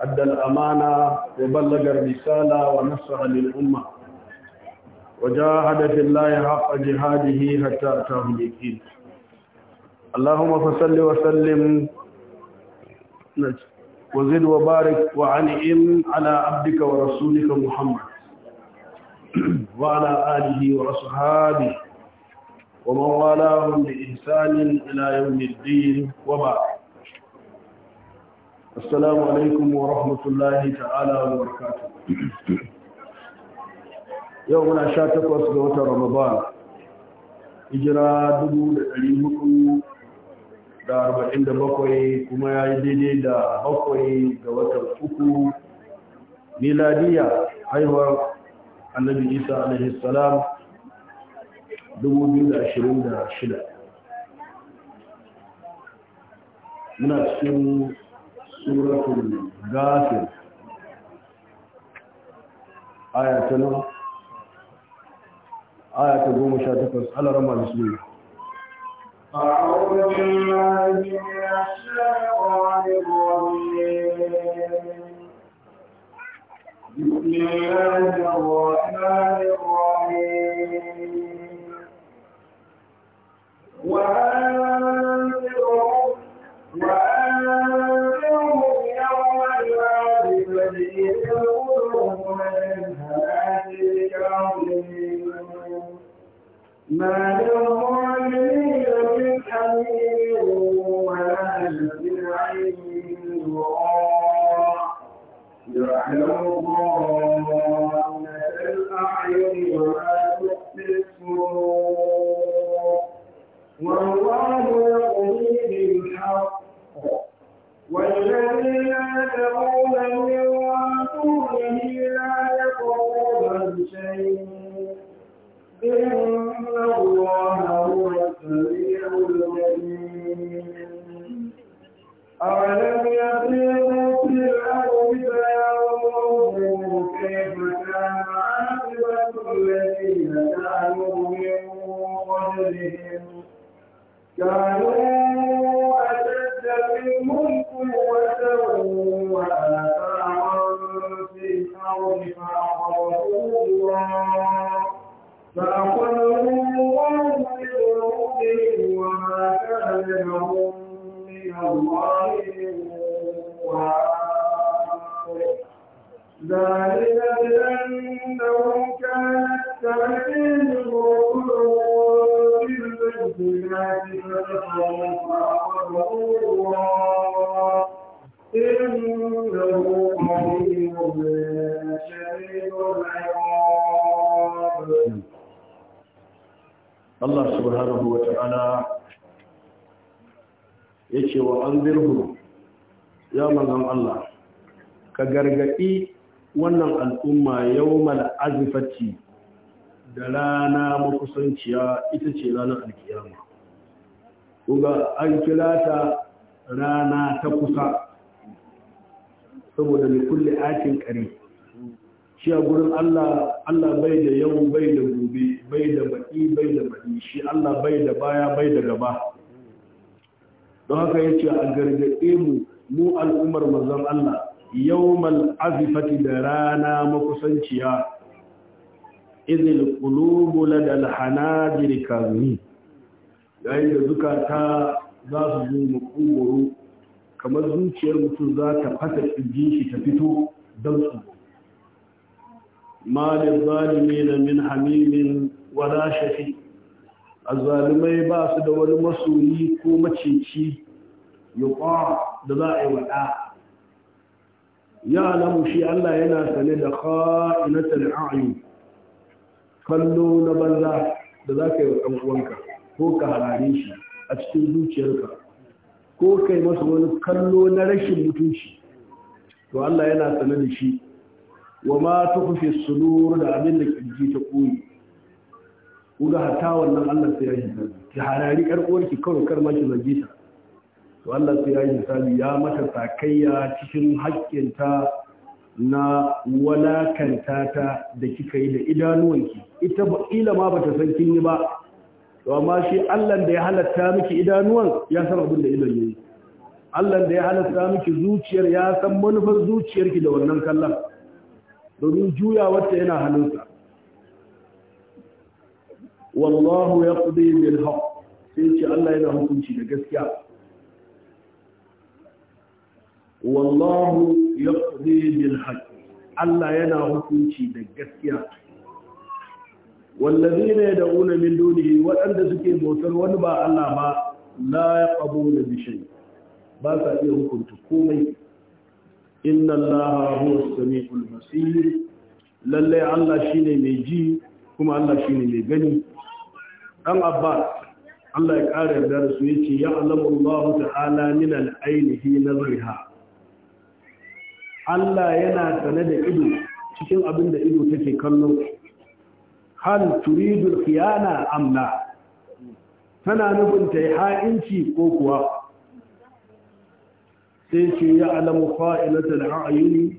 أدى الأمانة وبلغ الرسالة ونصح للأمة وجاهد في الله حق جهاده حتى أتاه اليقين اللهم فصل وسلم وزد وبارك وعنئم على عبدك ورسولك محمد وعلى آله وأصحابه ومن والاهم بإحسان إلى يوم الدين وبعد السلام عليكم ورحمة الله تعالى muna sha takwas ga wata إجراء دبو لأليمكم da arba'in da bakwai kuma ya yi daidai da bakwai ga watan uku miladiya haihuwar annabi isa alaihissalam 2026 muna cikin suratul ghafir aya ta goma sha takwas alarama bismillah أعوذ بالله ما للظالمين من حميم ولا نزل عين وراء يعلم ضالة الأعين وما تخفي والله يقضي بالحق والذين يدعون من دونه لا يقضون شيئا كانوا أشد منهم قوة وآثارا في الأرض فأخذهم الله فأخذهم الله بذنوبهم لهم من الله ذلك بأنهم Allah subhanahu wa ta'ala ya ce wa an birhu ya manzan Allah ka gargaɗi wannan al'umma yau mal'azifati da rana makusanciya ita ce ranar alkiyama kuga an kira ta rana ta kusa saboda mai kulle akin kare shi a gurin Allah Allah bai da yau bai da gobe bai da baki bai da baki shi Allah bai da baya bai da gaba don haka yace a gargaɗe mu mu al'ummar mazan Allah yawmal azifati da rana makusanciya idil qulubu ladal hanajir kazumin yayin da zukata za su zo makogoro kamar zuciyar mutum za ta fasa ƙirjin shi ta fito don su ma da zalimi na min hamimin wala shafi azalimai ba su da wani masoyi ko maceci yuqa da za a yi wada ya alamu shi Allah yana sane da kha'inatul a'yun kallo na banza da za ka yi wa ɗan uwanka ko ka harare shi a cikin zuciyarka ko kai masa wani kallo na rashin mutunci to Allah yana sanar da shi wa ma tukhfi sudur da abin da kirji ta koyi kuga hata wannan Allah sai ya yi ki harari kar uwarki kawai kar ma ki zage ta to Allah sai ya yi hisabi ya mata sakayya cikin haƙƙinta na walakanta ta da kika yi da idanuwanki ita ba ila ma bata san kin yi ba to amma shi allan da ya halatta miki idanuwan ya san abin da idan yayi Allah da ya halatta miki zuciyar ya san manufar zuciyarki da wannan kallon domin juya wacce yana hannunsa wallahu yaqdi bil haqq sai ce Allah yana hukunci da gaskiya wallahu yaqdi bil haqq Allah yana hukunci da gaskiya wallazi ne da una min waɗanda suke bautar wani ba Allah ba la ya ƙabo da bishin? ba sa iya hukunta komai inna Allah huwa sami'ul basir lalle Allah ne mai ji kuma Allah ne mai gani dan Abbas Allah ya ƙara yarda da su yace ya alamu Allah ta'ala min al-ainihi Allah yana sane da ido cikin abin da ido take kallo hal turidul khiyana amna tana nufin ta yi ha'inci ko kuwa sai ce ya alamu fa'ilatar ra'ayuni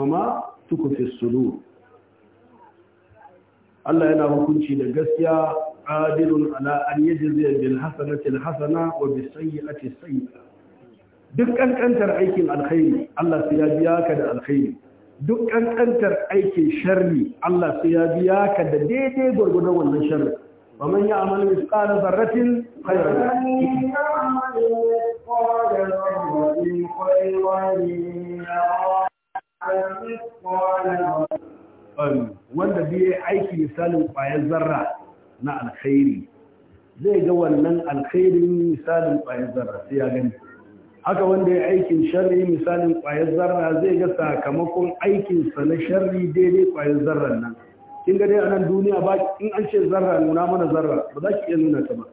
wa ma tukufi sulu Allah yana hukunci da gaskiya adilun ala an yaji zai bil hasanatil hasana wa bi sayyi'ati sayyi'a duk kankantar aikin alkhairi Allah sai ya biya ka da alkhairi duk ƙanƙantar aikin sharri Allah sai ya biya ka da daidai gwargwadon wannan sharri Ba man ya amal misqala zarratin khayran wanda biya aiki misalin ƙwayar zarra na alkhairi zai ga wannan alkhairin misalin ƙwayar zarra sai ya gani haka wanda ya aikin sharri misalin ƙwayar zarra zai ga sakamakon aikinsa na sharri daidai ƙwayar zarran nan kin ga dai a nan duniya ba in an ce zarra nuna mana zarra ba za ki iya nuna ta ba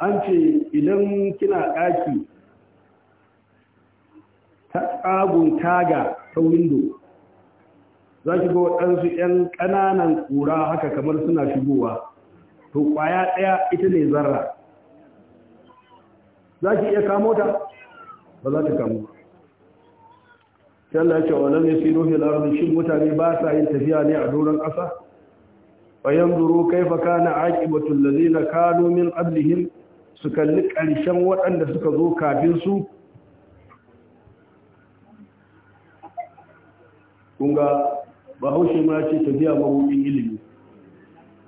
an ce idan kina ɗaki ta tsagun taga ta windo za ki ga waɗansu 'yan ƙananan ƙura haka kamar suna shigowa to ƙwaya ɗaya ita ne zarra za ki iya kamo ta ba za ta kamo sai Allah ya ce wa lam yasiru fil ardi shin mutane ba sa yin tafiya ne a doron ƙasa fa yanzuru kaifa kana aqibatu alladhina kanu min qablihim su kalli ƙarshen waɗanda suka zo kafin su kunga bahaushe ma ce tafiya mabuɗin ilimi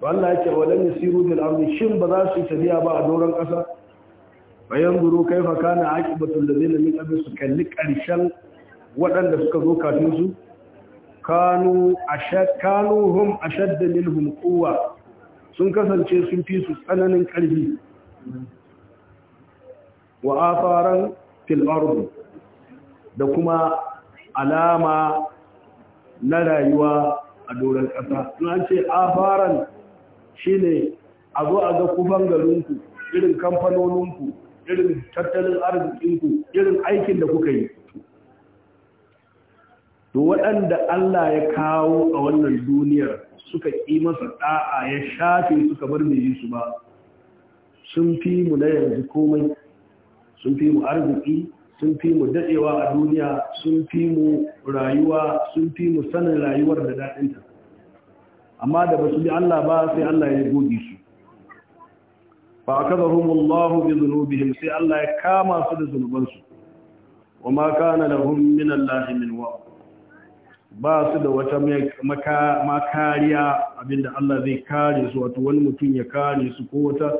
ba Allah ya ce wa lam yasiru fil ardi shi ba za su yi tafiya ba a doron ƙasa bayan guru kai fa kana da ladina min abin su kalli ƙarshen waɗanda suka zo kafin su kanu ashad kanu hum ashad minhum sun kasance sun fi su tsananin ƙarfi wa afaran fil ardi da kuma alama na rayuwa a doron ƙasa an ce afaran shine a zo a ga kufan garinku irin kamfanoninku irin tattalin arzikinku irin aikin da kuka yi to waɗanda Allah ya kawo a wannan duniyar suka ƙi masa ɗa'a ya shafe suka bar mai su ba sun fi mu na yanzu komai sun fi mu arziki sun fi mu daɗewa a duniya sun fi mu rayuwa sun fi mu sanin rayuwar da daɗinta amma da ba su bi Allah ba sai Allah ya goge fa kaza Allah bi dhunubihim sai Allah ya kama su da zunubansu ma kana lahum min Allah min wa ba su da wata makariya abinda Allah zai kare su wato wani mutum ya kare su ko wata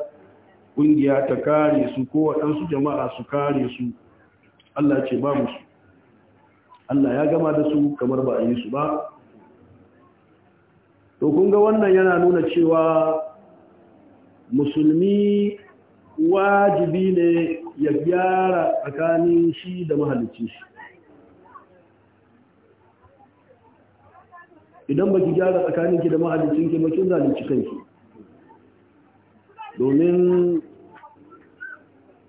kungiya ta kare su ko waɗansu jama'a su kare su Allah ce ba musu Allah ya gama da su kamar ba a yi su ba to kun ga wannan yana nuna cewa musulmi wajibi ne ya gyara tsakanin shi da mahalicci shi idan baki gyara tsakanin ki da mahalicinki ba kin zalunci kanki domin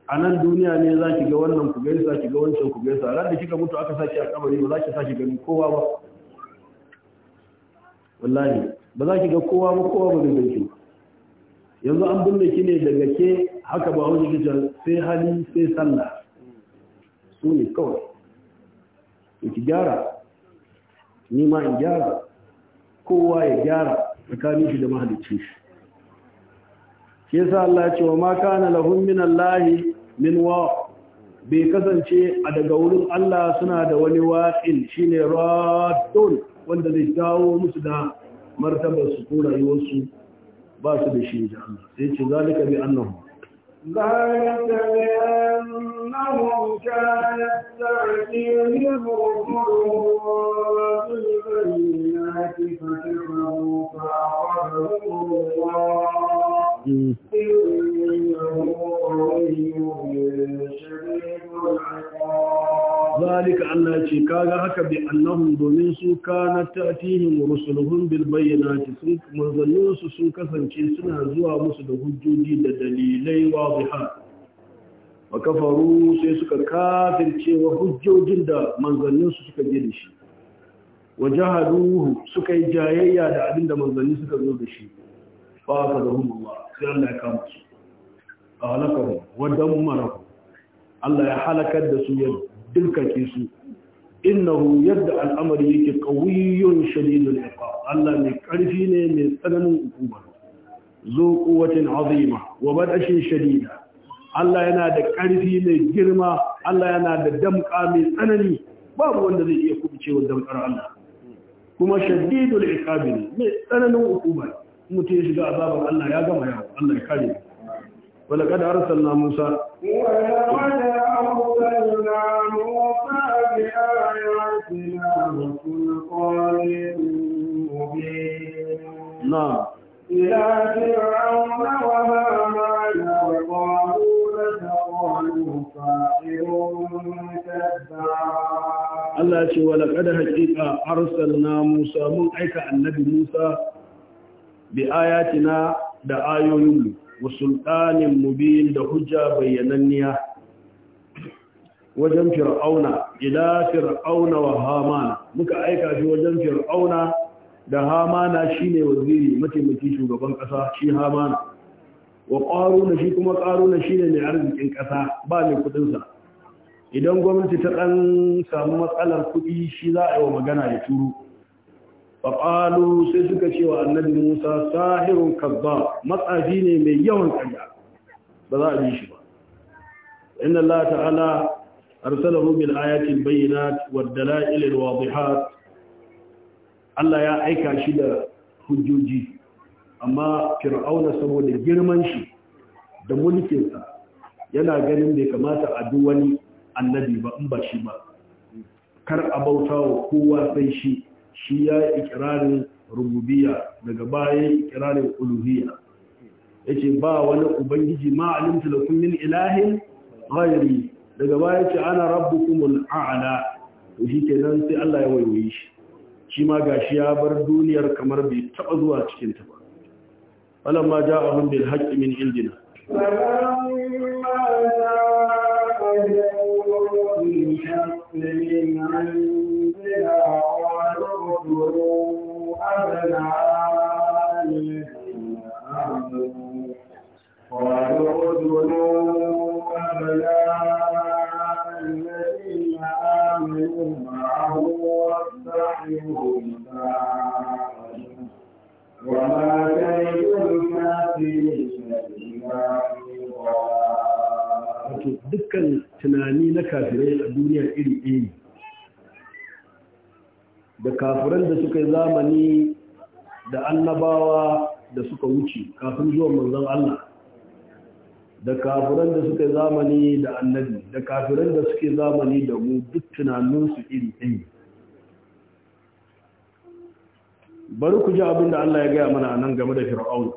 a nan duniya ne za ki ga wannan ku gaisa ki ga wancan ku gaisa ran da kika mutu aka saki a kabari ba za ki saki gani kowa ba wallahi ba za ki ga kowa ba kowa ba zai ba. yanzu an binne ki ne daga ke haka ba wani sai hali sai sallah su ne kawai ki gyara ni ma in gyara kowa ya gyara tsakanin shi da mahalicci shi ke sa Allah ya ce wa ma kana lahum min Allah min wa bai kasance a daga wurin Allah suna da wani wa'il shine radun wanda zai dawo musu da martabar su ko wasu. ba su da shi da Allah sai ce zalika bi annahu zalika bi annahu kana yasta'inu bi Zalika Allah ce kaga haka bi annahum domin su kana ta'tihim rusuluhum bil bayyinati sun manzannin su sun kasance suna zuwa musu da hujjoji da dalilai wadiha wa kafaru sai suka kafirce hujjojin da manzannin su suka je da shi wa jahaduhu suka yi jayayya da abinda da manzanni suka zo da shi fa ka da Allah sai ya kama su a halaka wa dammarahu Allah ya halakar da su ya dilkake su innahu yadda al'amari yake qawiyyun shadidul iqab Allah mai karfi ne mai tsananin hukuma zo quwwatin azima wa badashin shadida Allah yana da karfi mai girma Allah yana da damka mai tsanani babu wanda zai iya kubucewa damkar Allah kuma shadidul iqab ne mai tsananin hukuma mutum ya shiga azabar Allah ya gama yawa, Allah ya kare ولقد أرسلنا موسى ولقد أرسلنا موسى بآياتنا وسلطان مبين نعم إلى فرعون وهامان وقارون فقالوا ساحر كذاب الله يقول ولقد حقيقة أرسلنا موسى من أيك النبي موسى بآياتنا da ayoyinmu wa sultanin mubin da hujja bayyananniya wajen fir'auna ila fir'auna wa hamana muka aika shi wajen fir'auna da hamana shine waziri mataimaki shugaban kasa shi hamana wa qaruna shi kuma qaruna shine mai arzikin kasa ba mai kudin sa idan gwamnati ta dan samu matsalar kudi shi za a yi wa magana ya turo faƙalu sai suka cewa annabi musa sahirun kabba matsafi ne mai yawan kanya ba za a bi shi ba inna allah ta'ala arsalahu bil ayatil bayyinat wad dalail al wadihat allah ya aika shi da hujjoji amma fir'auna saboda girman shi da mulkinsa yana ganin bai kamata a duk wani annabi ba in ba shi ba kar a bauta wa kowa sai shi shi ya yi ikirarin rububiya daga baya ikirarin uluhiya ce, ba wani ubangiji ma alimtu lakum min ilahin ghairi daga baya ce ana rabbukumul a'la to shikenan sai Allah ya waiwaye shi shi ma gashi ya bar duniyar kamar bai taɓa zuwa cikin ta ba falamma ja'ahum bil haqqi min indina falamma ja'ahum bil haqqi min تقتلوا أبناء الذين آمنوا قالوا اقتلوا أبناء الذين آمنوا معه واستحيوا نساءهم وما كيد الكافرين إلا dukkan tunani na kafirai a duniya iri iri da kafiran da suka yi zamani da annabawa da suka wuce kafin zuwan manzon Allah da kafiran da suka yi zamani da annabi da kafiran da suke zamani da mu duk tunaninsu iri ɗaya bari ku ji abin da Allah ya gaya mana nan game da fir'aun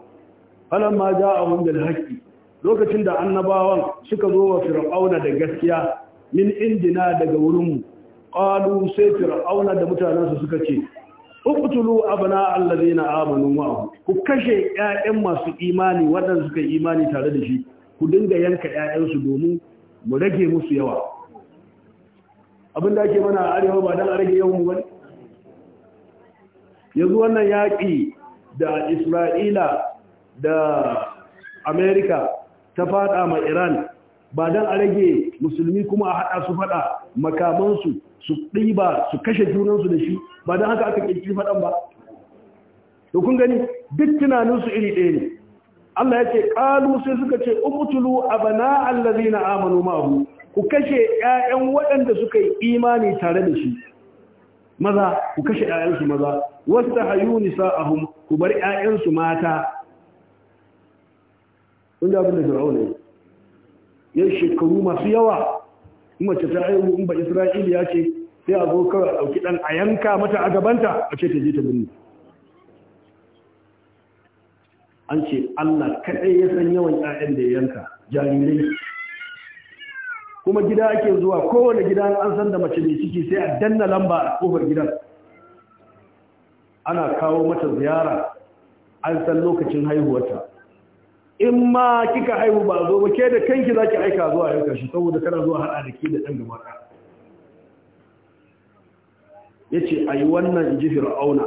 alam ma abun da haqqi lokacin da annabawan suka zo wa fir'auna da gaskiya min indina daga wurinmu. qalu sai fir'auna da mutanensu suka ce uqtulu abna alladhina amanu ma'ahu ku kashe ƴaƴan masu imani waɗanda suka yi imani tare da shi ku dinga yanka 'ya'yansu domin mu rage musu yawa abin ake mana a arewa ba dan a rage yawan mu bane yanzu wannan yaƙi da isra'ila da amerika ta fada ma iran ba dan a rage musulmi kuma a haɗa su fada makamansu su ɗiba su kashe junansu da shi ba don haka aka ƙirƙiri faɗan ba da kun gani duk tunaninsu iri ɗaya ne Allah ya ce ƙalu sai suka ce umutulu a allazi na amanu ma'ahu ku kashe 'ya'yan waɗanda suka yi imani tare da shi maza ku kashe ƴaƴansu maza wasu hayu nisa'ahum ku bar ƴaƴansu mata kun da abin da fir'auna ya shekaru masu yawa in mace ta haihu in ba ya ce sai a zo kawai a ɗauki ɗan a yanka mata a gabanta a ce ta je ta binne an ce Allah kaɗai ya san yawan yayan da ya yanka jarirai kuma gida ake zuwa kowane gida an san da mace mai ciki sai a danna lamba a kofar gidan ana kawo mata ziyara an san lokacin haihuwarta in ma kika haihu ba zo ba ke da kanki zaki aika zuwa yanka shi saboda kana zuwa hada da ke da dan gaba ka yace ayi wannan inji fir'auna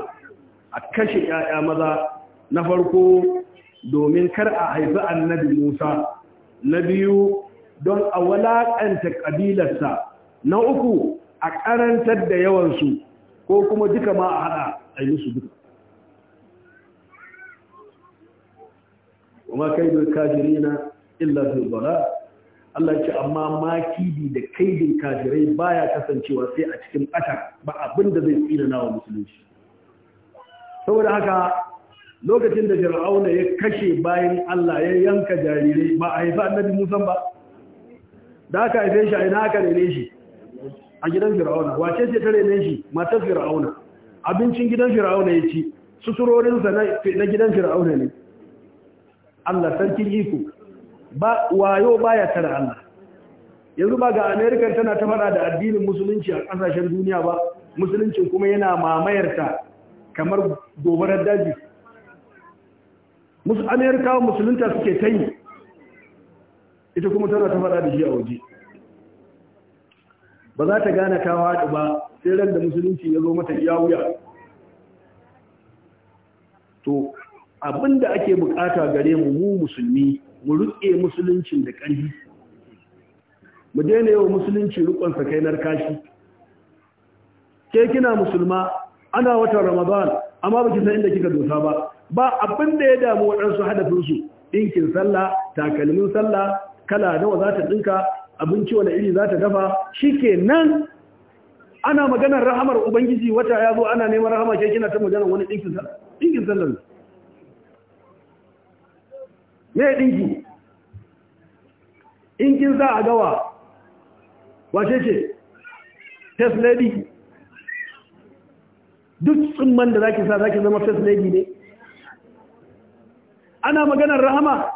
a kashe 'ya'ya maza na farko domin kar a haifi annabi Musa na biyu don a walaƙanta kabilarsa na uku a karantar da yawan su ko kuma duka ma a haɗa a yi musu duka kuma kaidul kafirina illa fi dhalal Allah ce amma makidi da kaidin kafirai baya kasancewa sai a cikin ƙasa ba abin da zai tsina nawa musulunci saboda haka lokacin da fir'auna ya kashe bayan Allah ya yanka jarirai ba a haifa annabi Musa ba da aka haife shi a ina aka rene shi a gidan fir'auna wace ce ta rene shi matar fir'auna abincin gidan fir'auna ya ci suturorinsa na gidan fir'auna ne Allah sarkin iko ba wayo baya tara Allah yanzu ba ga America tana ta fara da addinin musulunci a kasashen duniya ba musuluncin kuma yana mamayarta kamar gobarar daji musu America musulunta suke tayi? ita kuma tana ta fara da shi a waje ba za ta gane ta haɗu ba sai ran da musulunci ya zo mata iya to abin da ake bukata gare mu mu musulmi mu riƙe musuluncin da ƙarfi mu daina yawan musulunci riƙon sakainar kashi ke kina musulma ana wata ramadan amma baki san inda kika dosa ba ba abin da ya damu waɗansu su ɗinkin sallah takalmin sallah kala nawa za ta ɗinka abinci wani iri za ta dafa shi ke nan ana maganar rahamar ubangiji wata ya zo ana neman rahama ke kina ta maganar wani ɗinkin sallah me dinki in kin sa a gawa wace ce test lady duk tsumman da zaki sa zaki zama test lady ne ana maganar rahama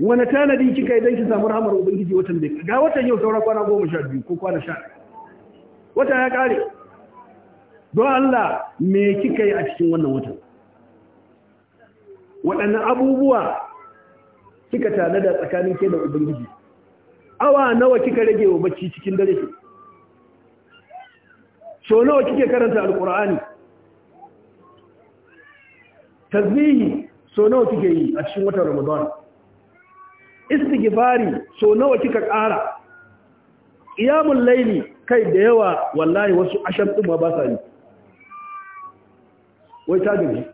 wani tanadi kika idan ki samu rahamar ubangiji watan da ga watan yau saura kwana goma sha biyu ko kwana sha wata ya kare don Allah me kika yi a cikin wannan watan waɗannan abubuwa kika tana da tsakanin ke da ubangiji awa nawa kika rage wa bacci cikin dare so nawa kike karanta alkur'ani tasbihi so nawa kike yi a cikin watan ramadan istighfari so nawa kika ƙara qiyamul layli kai da yawa wallahi wasu ashab ba sa yi wai ta gaji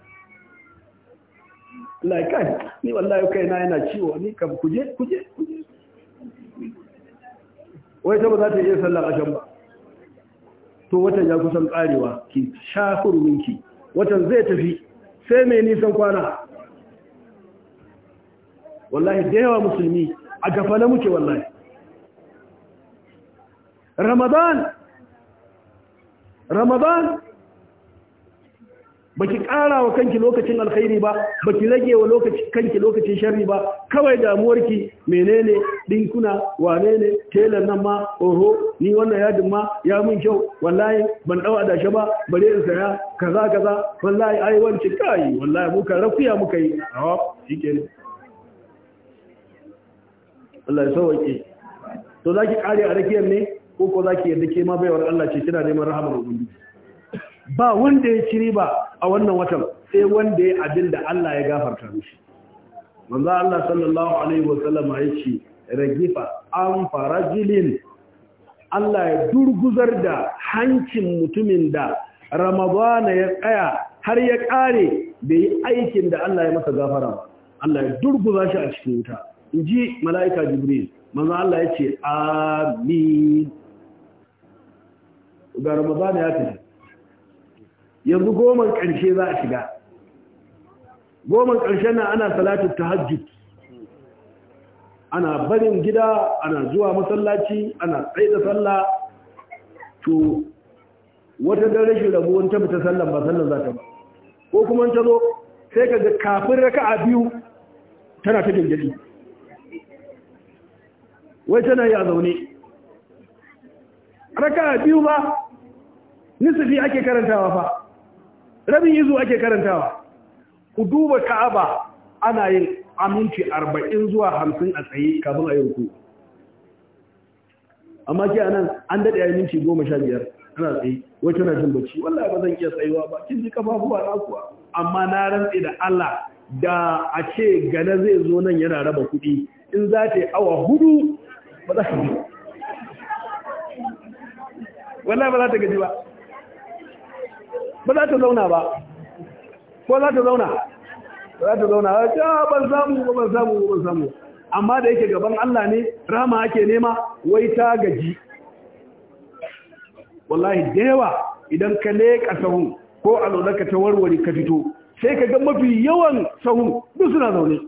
laikai kai ni wallahi kai na yana ciwo ni kam kuje kuje kuje wai ta ba za ta iya sallar ashan ba to watan ya kusan karewa ki sha minki watan zai tafi sai mai nisan kwana wallahi da yawa musulmi a gafala muke wallahi ramadan ramadan baki ƙara wa kanki lokacin alkhairi ba baki rage wa lokacin kanki lokacin sharri ba kawai damuwarki menene dinkuna wane ne telan nan ma oho ni wannan yadin ma ya mun kyau wallahi ban dawo da shi ba bare in saya kaza kaza wallahi ai wanci kai wallahi muka rafiya muka yi awa shikenan Allah ya sauke to zaki kare a rakiyar ne ko ko zaki yadda ke ma baiwar Allah ce kina neman rahamar ubangiji ba wanda ya ciri ba. a wannan watan sai wanda ya abin da Allah ya gafarta mishi manzo Allah sallallahu alaihi wasallam ya ce ragifa an jilin. Allah ya durguzar da hancin mutumin da Ramadana ya tsaya har ya kare bai yi aikin da Allah ya masa gafara ba Allah ya durguza shi a cikin wuta inji mala'ika Jibril manzo Allah ya ce amin ga Ramadana ya tafi yanzu goman ƙarshe za a shiga goman ƙarshe na ana salatu tahajjud ana barin gida ana zuwa masallaci ana da sallah to wata da rashin rabuwan ta tafi sallan ba sallan za ta ba ko kuma ta zo sai ka ga kafin raka'a biyu tana ta gingiri wai tana yi a zaune raka'a biyu ba nisifi ake karantawa fa rabin izu ake karantawa ku duba ka'aba ana yin aminci arba'in zuwa hamsin a tsaye kafin a yanku amma ke anan an daɗe a minti goma sha biyar ana tsaye wacce na jin bacci wallahi ba zan iya tsayuwa ba kin ji kafafuwa na kuwa amma na rantse da Allah da a ce gane zai zo nan yana raba kuɗi in za ta yi awa hudu ba za ka ji wallahi ba za ta gaji ba ba za ta zauna ba ko za ta zauna za ta zauna ba, ce ah, ban samu ba ban samu ba ban samu amma da yake gaban Allah ne rama ake nema wai ta gaji wallahi da yawa idan ka leƙa sahun ko a ka ta warware ka fito sai ka ga mafi yawan sahun duk suna zaune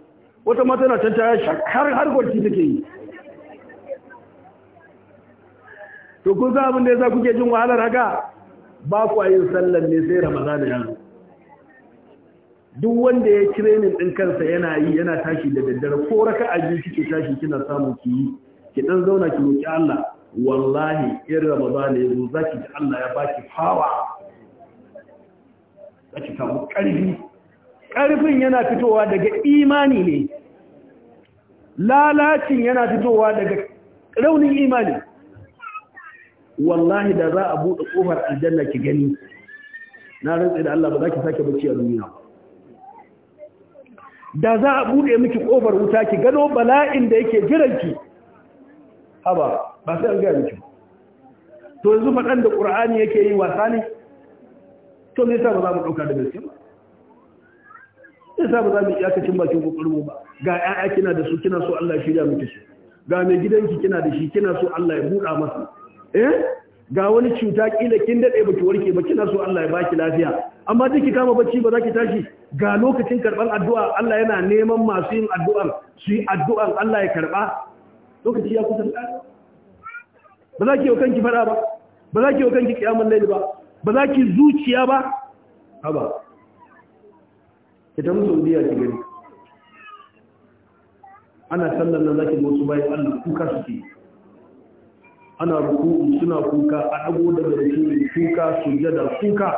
wata mata na canta ya shakar har gwarci take yi to kun za abin da ya za kuke jin wahalar haka ba kwa yin sallan ne sai ramadana ya zo duk wanda ya ni din kansa yana yi yana tashi da daddare ko raka a biyu kike tashi kina samu ki yi ki dan zauna ki roki Allah wallahi in ramadana ya zo zaki ji Allah ya baki power zaki samu karfi karfin yana fitowa daga imani ne lalacin yana fitowa daga raunin imani wallahi da za a buɗe ƙofar aljanna ki gani na rantsi da Allah ba za ki sake bacci a duniya da za a buɗe miki ƙofar wuta ki gano bala'in da yake jiranki haba ba sai an gaya miki to yanzu faɗan da ƙur'ani yake yi wasa ne to me yasa ba za mu ɗauka da gaske ba yasa ba za mu cin bakin ƙoƙarinmu ba ga ƴaƴa kina da su kina so Allah ya shirya miki su ga mai gidanki kina da shi kina so Allah ya buɗa masa eh ga wani cuta kila kin dade baki warke ba na so Allah ya baki lafiya amma duk ki kama bacci ba za ki tashi ga lokacin karban addu'a Allah yana neman masu yin addu'an su yi addu'an Allah ya karba lokaci ya kusa ba za ki yau kanki fara ba ba za ki yau kanki kiyamun laili ba ba za ki zuciya ba haba ki ta musu ki gani ana sallan nan zaki ga wasu bayan Allah kuka suke ana ruku'u suna kuka a dago daga rashin kuka sujada kuka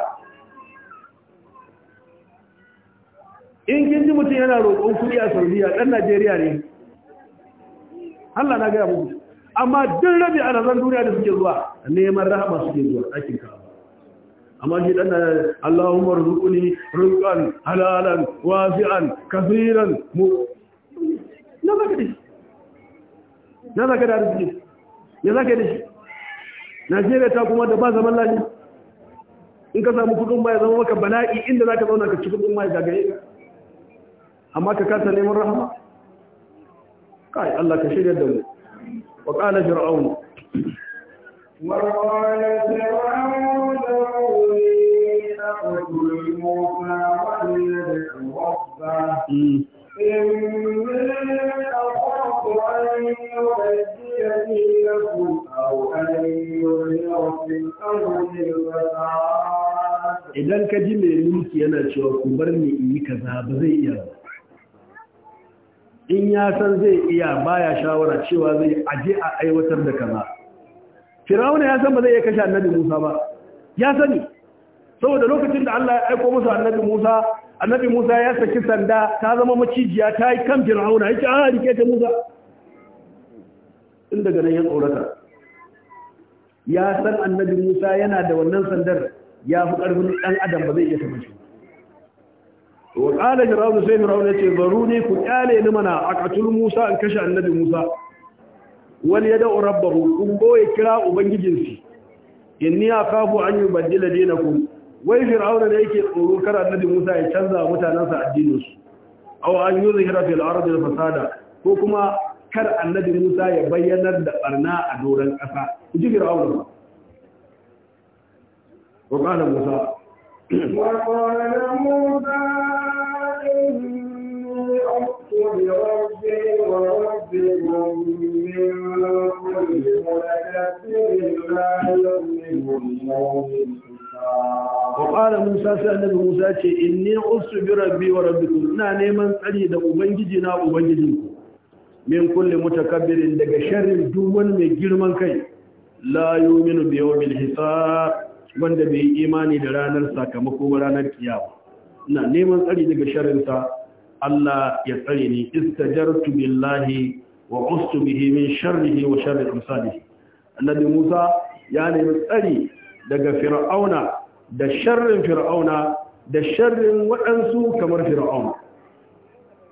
in kin ji mutum yana roƙon kuɗi a saudiya ɗan najeriya ne allah na gaya muku amma duk rabi a nazar duniya da suke zuwa neman rahama suke zuwa ɗakin ka amma shi ɗan najeriya allahumma rukuni rukun halalan wasi'an kafiran mu na zaka da arziki ya za yi da shi najeriya ta kuma da ba zaman lafi in ka samu kudin ba ya zama maka bala'i inda za ka zauna ka ci kudin ma ya gagaye amma ka kasa neman rahama kai Allah ka shirya da mu wa qala fir'aun wa qala fir'aun إني Idan ka ji mai mulki yana cewa ku bar ni in yi kaza ba zai iya ba. In ya san zai iya ya shawara cewa zai aje a aiwatar da kaza. Firawuna ya san ba zai iya kashe annabi Musa ba. Ya sani. Saboda lokacin da Allah ya aiko musu annabi Musa annabi Musa ya saki sanda ta zama macijiya ta yi kan Fir'auna yake an rike ta Musa tun daga nan ya tsorata ya san annabi Musa yana da wannan sandar ya fi ƙarfin ɗan adam ba zai iya taɓa shi wa qala fir'aun sai fir'aun ce, baruni ku kyale ni mana aqatul Musa an kashe annabi Musa wal yad'u rabbahu kun boye kira ubangijinsa inni akhafu an yubaddila ku. wai fir'aun ne yake tsoro kar annabi Musa ya canza mutanansa addinin su aw an yuzhira fil ardi fasada ko kuma kar annabi Musa ya bayyanar da barna a doron ƙasa, ku ji fir'aunin ba. Wakana Musa. Wakana Musa Wakana Musa sai annabi Musa ce, In ni ƙusur bi rabbi wa rabbi ina neman tsari da Ubangiji na Ubangijinku. min kulli mutakabbirin daga sharrin duk wani mai girman kai la yuminu bi yawmil hisab wanda bai yi imani da ranar sakamako ba ranar kiyama ina neman tsari daga sharrin sa Allah ya tsare ni istajartu billahi wa ustu bihi min sharrihi wa sharri amsalihi annabi Musa ya nemi tsari daga fir'auna da sharrin fir'auna da sharrin waɗansu kamar fir'auna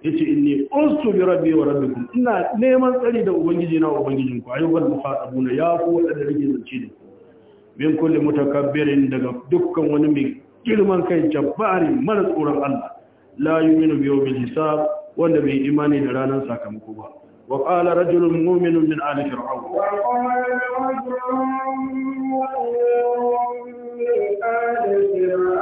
yace inni ustu bi rabbi wa rabbikum ina neman tsari da ubangiji na ubangijin ku ayyuhal muqatabuna ya ku wadanda rike zance da Bin min kulli mutakabbirin daga dukkan wani mai girman kai jabbari mara tsoron Allah la yu'minu bi yawmil hisab wanda bai imani da ranar sakamako ba wa qala rajulun mu'minun min ali fir'aun wa qala rajulun mu'minun min ali fir'aun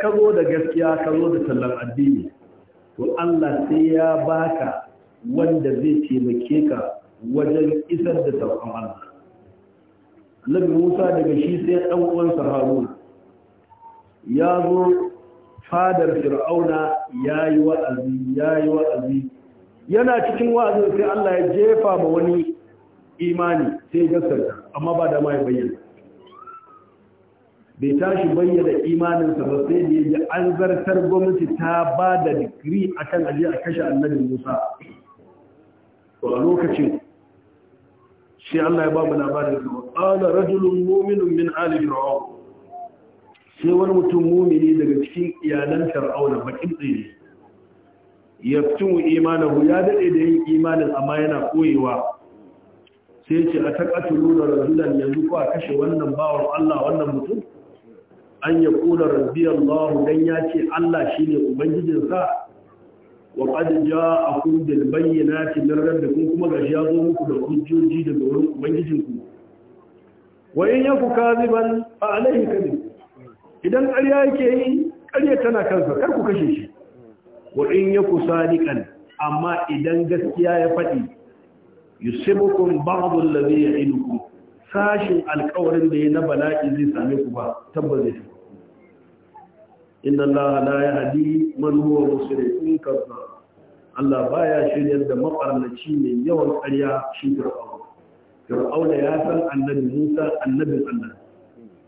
ka zo da gaskiya ka zo da tallan addini to Allah sai ya baka wanda zai taimake ka wajen isar da sauƙon Allah Nabi Musa daga shi sai ɗan uwansa Harun ya zo fadar Fir'auna ya yi wa'azi ya wa'azi yana cikin wa'azin sai Allah ya jefa ma wani imani sai gaskata amma ba da ma ya bayyana bai tashi bayyana imaninsa ba sai da yaji an zartar gwamnati ta ba da digiri akan aje a kashe annabi Musa to a lokacin shi Allah ya ba mu labarin sa qala rajulun mu'minun min ali fir'aun sai wani mutum mumini daga cikin iyalan fir'auna bakin tsaye yaftu imanin ya dade da yin imanin amma yana koyewa sai ce a taƙatulu da rajulan yanzu ko a kashe wannan bawon Allah wannan mutum an ya kula radiyallahu dan ya ce Allah shine ubangijinsa wa qad ja'akum bil bayyinati min rabbikum kuma gashi ya zo muku da hujjoji daga wurin ubangijinku wa in yaku kaziban fa alayhi kadi idan ƙarya yake yi ƙarya tana kansa kar ku kashe shi wa in yaku sadiqan amma idan gaskiya ya faɗi yusibukum ba'dhu alladhi ya'idukum sashin alƙawarin da ya na bala'i zai same ku ba tabbas zai inna Allah la yahdi man huwa musrifun kazzab Allah baya shiryar da mabarnaci ne yawan ƙarya shi Fir'aun Fir'aun ya san annabi Musa annabin Allah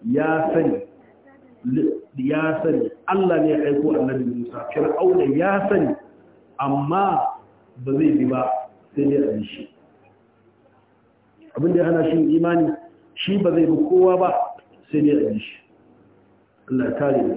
ya sani ya sani Allah ne ya aiko annabi Musa Fir'aun ya sani amma ba zai bi ba sai dai a shi abin da ya hana shi imani shi ba zai bi kowa ba sai dai a shi Allah ya kare mu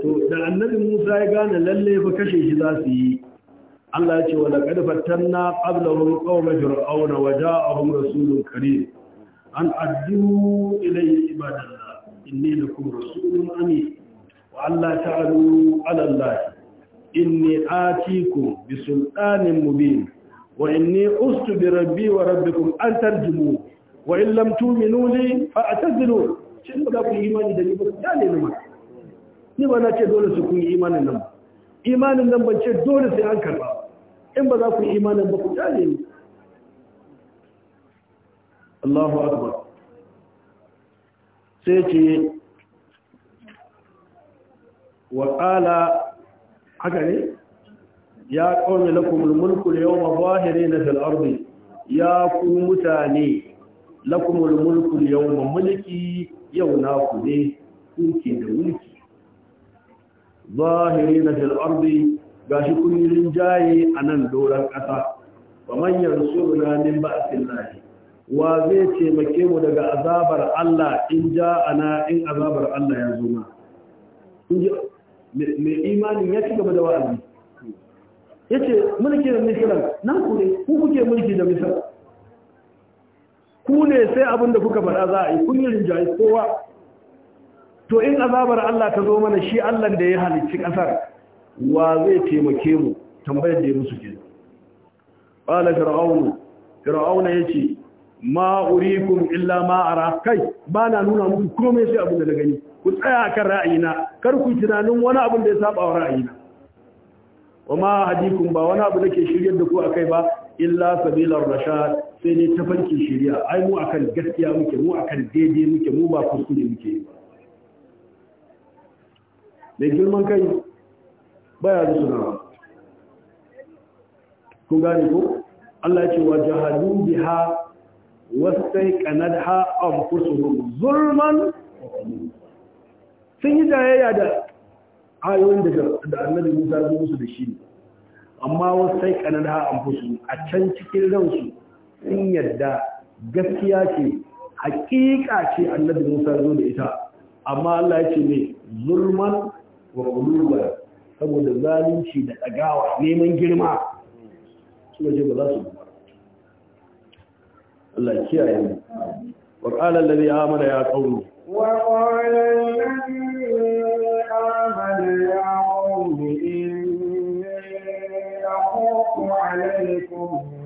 to da annabi Musa ya gane lalle fa kashe shi za su yi Allah ya ce wala qad fattanna qablahum qawma fir'auna a ja'ahum rasulun karim an addu ilayya ibadallah inni kuma rasulun amin wa Allah ta'alu ala Allah inni atikum bi sultanin mubin wa inni ustu bi rabbi wa rabbi kun an tarjumu wa in lam tu'minu li fa'tazilun ce in ba ku yi imani da ni ba ya ne ni ma ni ba na ce dole su kun yi imanin nan ba imanin nan ban ce dole sai an karba in ba za ku yi imanin ba ku ya ni Allahu akbar sai ce wa qala haka ne ya qaumi lakumul mulku al-yawma zahirina fil ardi ya ku mutane lakumul mulku yawma mulki yau na ku ne kuke da mulki zahiri na fil ga shi kun yi rinjaye a nan doron ƙasa Ba manyan suruna min ba'asin lahi wa zai taimake mu daga azabar Allah in ja ja'ana in azabar Allah ya zo ma mai imanin ya ci gaba da wa'azi ce mulki da misra nan ku ne ku kuke mulki da misra ku ne sai abin da kuka faɗa za a yi kun yi rinjaye kowa to in azabar Allah ta zo mana shi Allah da ya halicci ƙasar wa zai taimake mu tambayar da ya musu ke ƙwala fir'aunu fir'auna ya ce ma urikum illa ma ara kai ba na nuna muku komai sai abin da na gani ku tsaya kan ra'ayina kar ku tunanin wani abin da ya saba wa ra'ayina wa ma hadikum ba wani abu da ke shiryar da ku akai ba illa sabilar rashad sai ne ta tafarki shari'a ai mu akan gaskiya muke mu akan daidai muke mu ba kuskure muke yi ba mai girman kai baya da suna ku gane ko Allah ya ce wa jahadu biha wasai kanadha anfusuhum zulman sun yi jayayya da ayoyin da annabi Musa ya musu da shi amma wasai kanadha anfusuhum a can cikin ransu sun yadda gaskiya ce hakika ce annabi Musa zo da ita amma Allah ya ce ne zulman wa quluban saboda zalunci da dagawa neman girma suka ce ba za su Allah ya kiyaye mu wa qala alladhi amana ya qawlu wa qala allazi amana ya qawlu inni aqutu alaykum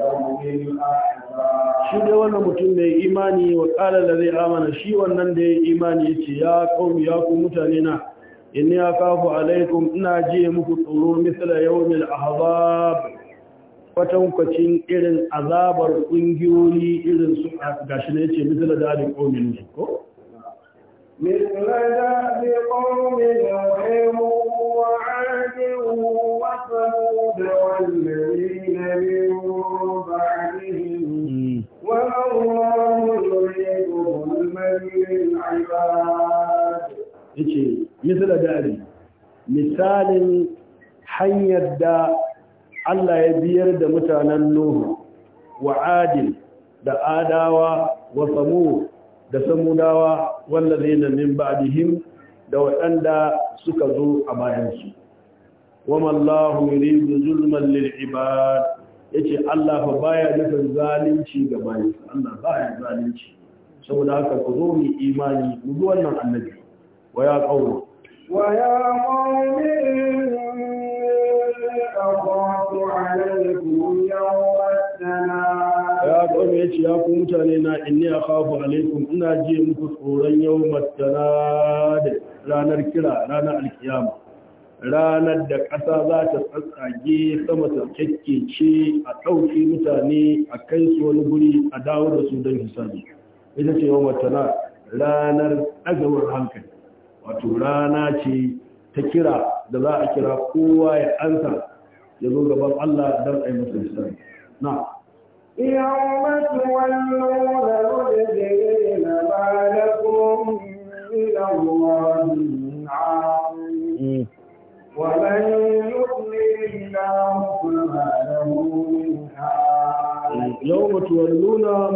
shi dai wannan mutum mai imani wa ƙalar da zai amana shi wannan da ya imani ya ce ya ƙaumi ya ku mutane na inni ya kafu alaikun ina je muku tsoro misala yawmil ahzab kwatankwacin irin azabar ƙungiyoyi irin su gashi ya ce misala da ali ƙomin ko da دأب قوم نوح وعاد da wannan. da dadi, misalin hanyar da Allah ya biyar da mutanen Nuhu wa Adil da Adawa wa da Samudawa na min ba'dihim da waɗanda suka zo a bayansu wama Allahu yuridu zulman lil ibad yace Allah fa baya nufin zalunci ga bayi Allah baya zalunci saboda haka ku zo mu imani mu bi wannan annabi wa ya qawlu ويا قوم Yaƙon ya ce ya fi mutane na inni a kafa alaikun ina je muku tsoron yau matana da ranar kira ranar alkiyama ranar da ƙasa za ta tsatsage sama sarkakke ce a ɗauke mutane a kai su wani guri a dawo da su don hisabi ita ce yau matana ranar azawar hankali wato rana ce ta kira da za a kira kowa ya ansa ya zo gaban Allah don a yi masa hisabi na yawma da mudbirina ma lakum min Allahin amin wa man yu'min lahu ma lahu min yau tuwalluna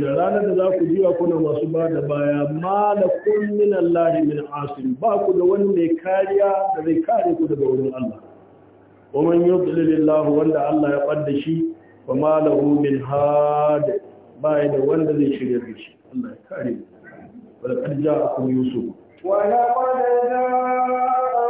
na, ranar da za ku jiwa kuna masu ba da baya da min Allah min asim ba ku da wani mai kariya da zai kare ku daga wurin Allah wa man Allah wanda Allah ya badda shi ma malahu min had ba da wanda zai shirya da shi Allah ya kare ku wa laqad ja'akum yusuf wa laqad ja'akum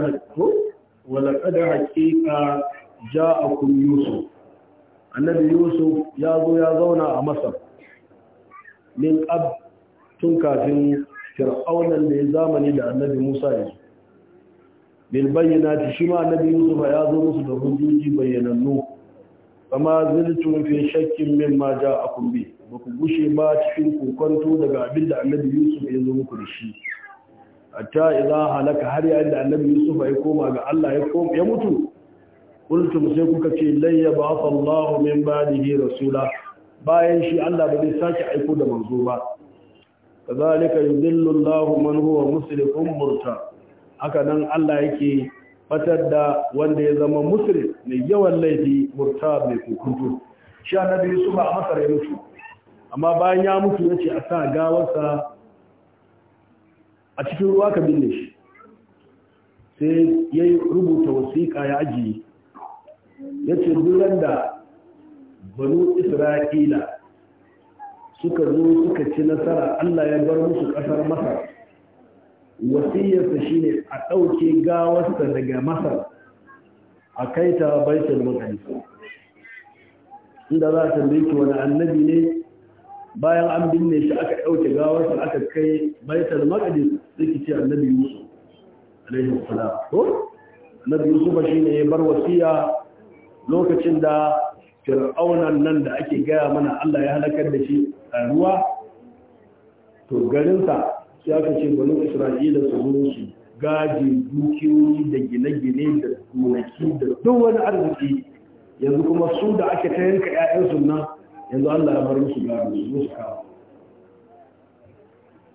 hajjo walakad hakika ja'akum yusuf annabi yusuf ya zo ya zauna a masar min qab tun kafin fir'aun da ya zamani da annabi musa ya zo bil bayyinati shi ma annabi yusuf ya zo musu da hujjoji bayyanannu amma zilitun fi shakkin min ma ja'akum bi baku gushe ba cikin kokonto daga abinda annabi yusuf ya zo muku da shi hatta idza halaka har yayin da annabi yusuf ya koma ga Allah ya koma ya mutu qultum sai kuka ce lai yab'ath Allah min ba'dihi rasula bayan shi Allah ba zai sake aiko da manzo ba kazalika yudillu Allah man huwa musrifun murta haka nan Allah yake fatar da wanda ya zama musrif mai yawan laifi murta mai kukuntu shi annabi yusuf a masar ya mutu amma bayan ya mutu yace a sa gawarsa a cikin ruwa ka binne shi sai ya rubuta wasiƙa ya ajiye ya ce duran da banu isra'ila suka zo suka ci nasara allah ya bar musu ƙasar masar wasiyarsa shine a ɗauke gawarsa daga masar a kai ta baitul maqdis inda za a tambaye ki wani annabi ne bayan an binne shi aka ɗauke gawarsa aka kai baitul maqdis zai ce annabi yusuf alaihi wasalam ko annabi yusuf shine ya bar wasiya lokacin da fir'aunan nan da ake gaya mana Allah ya halakar da shi a ruwa to garinsa sai aka ce bani isra'ila su zo su gaji dukiyoyi da gine-gine da gonaki da duk wani arziki yanzu kuma su da ake ta yanka 'ya'yansu na yanzu Allah ya bar musu gado su kawo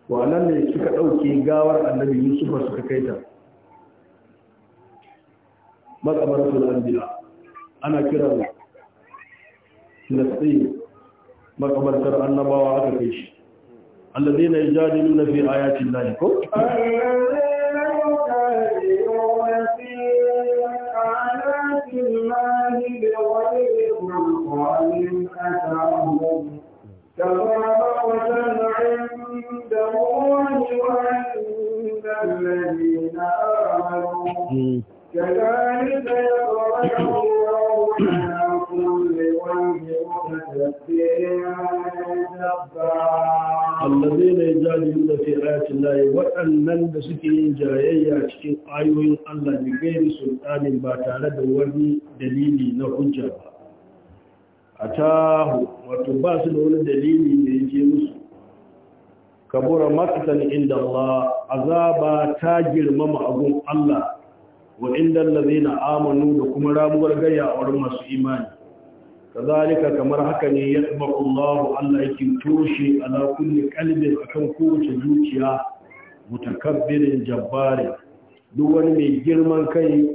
Wannan ne suka ɗauke gawar annabi yusufa suka kai ta makamaratul anbiya ana kiran filistin makamartar annabawa aka kai shi الذين يجادلون في آيات الله كم كما عند da وعند الذين آمنوا كذلك يطلع الله على كل وجه cikin ayoyin Allah bi gairi sultanin ba tare da wani dalili na hujja ba atahu wato ba su da wani dalili da yake musu kabura maqtan inda Allah azaba ta girmama agun Allah wa inda allazina amanu da kuma ramuwar gayya a wurin masu imani kazalika kamar haka ne ya tsaba Allah Allah yake toshe ala kulli qalbin akan kowace zuciya mutakabbirin jabbari duk wani mai girman kai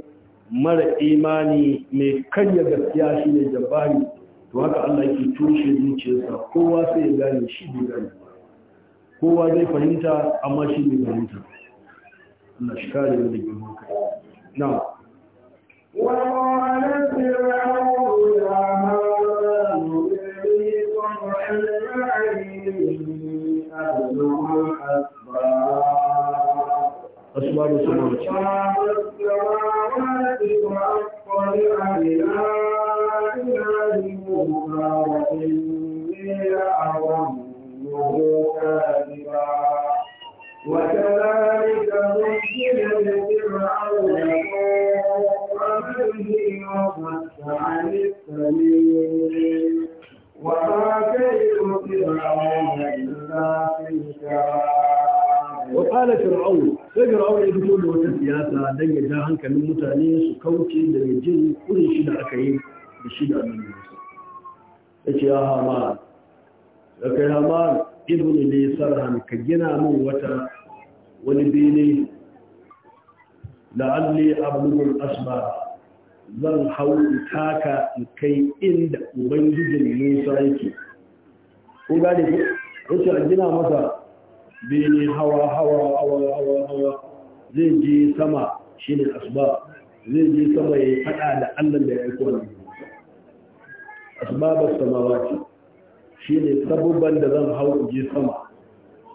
mara imani mai kanya gaskiya shine jabbari to haka Allah yake toshe zuciyarsa kowa sai ya gane shi ne gane kowa zai fahimta amma shi ne fahimta Allah shi da ke haka na أسباب السماوات أسباب كونه كاذبا وكذلك مجد لفرعون ومن وصدت عن السبيل وما كيد فرعون إلا في وقال فرعون sai fir'aun ya fito da wata siyasa don ya hankalin mutane su kauce da jin kurin shi da aka yi da shi da da kai hamar ibn ne sarhan ka gina min wata wani bene la'alli abubuwan asba zan hau taka in kai inda ubangijin musa yake ko gane ko wacce a gina masa bene hawa hawa hawa hawa hawa zai je sama shine asba zai je sama ya yi fada da allah da ya aiko asbabus samawati shi ne sabubban da zan hau in je sama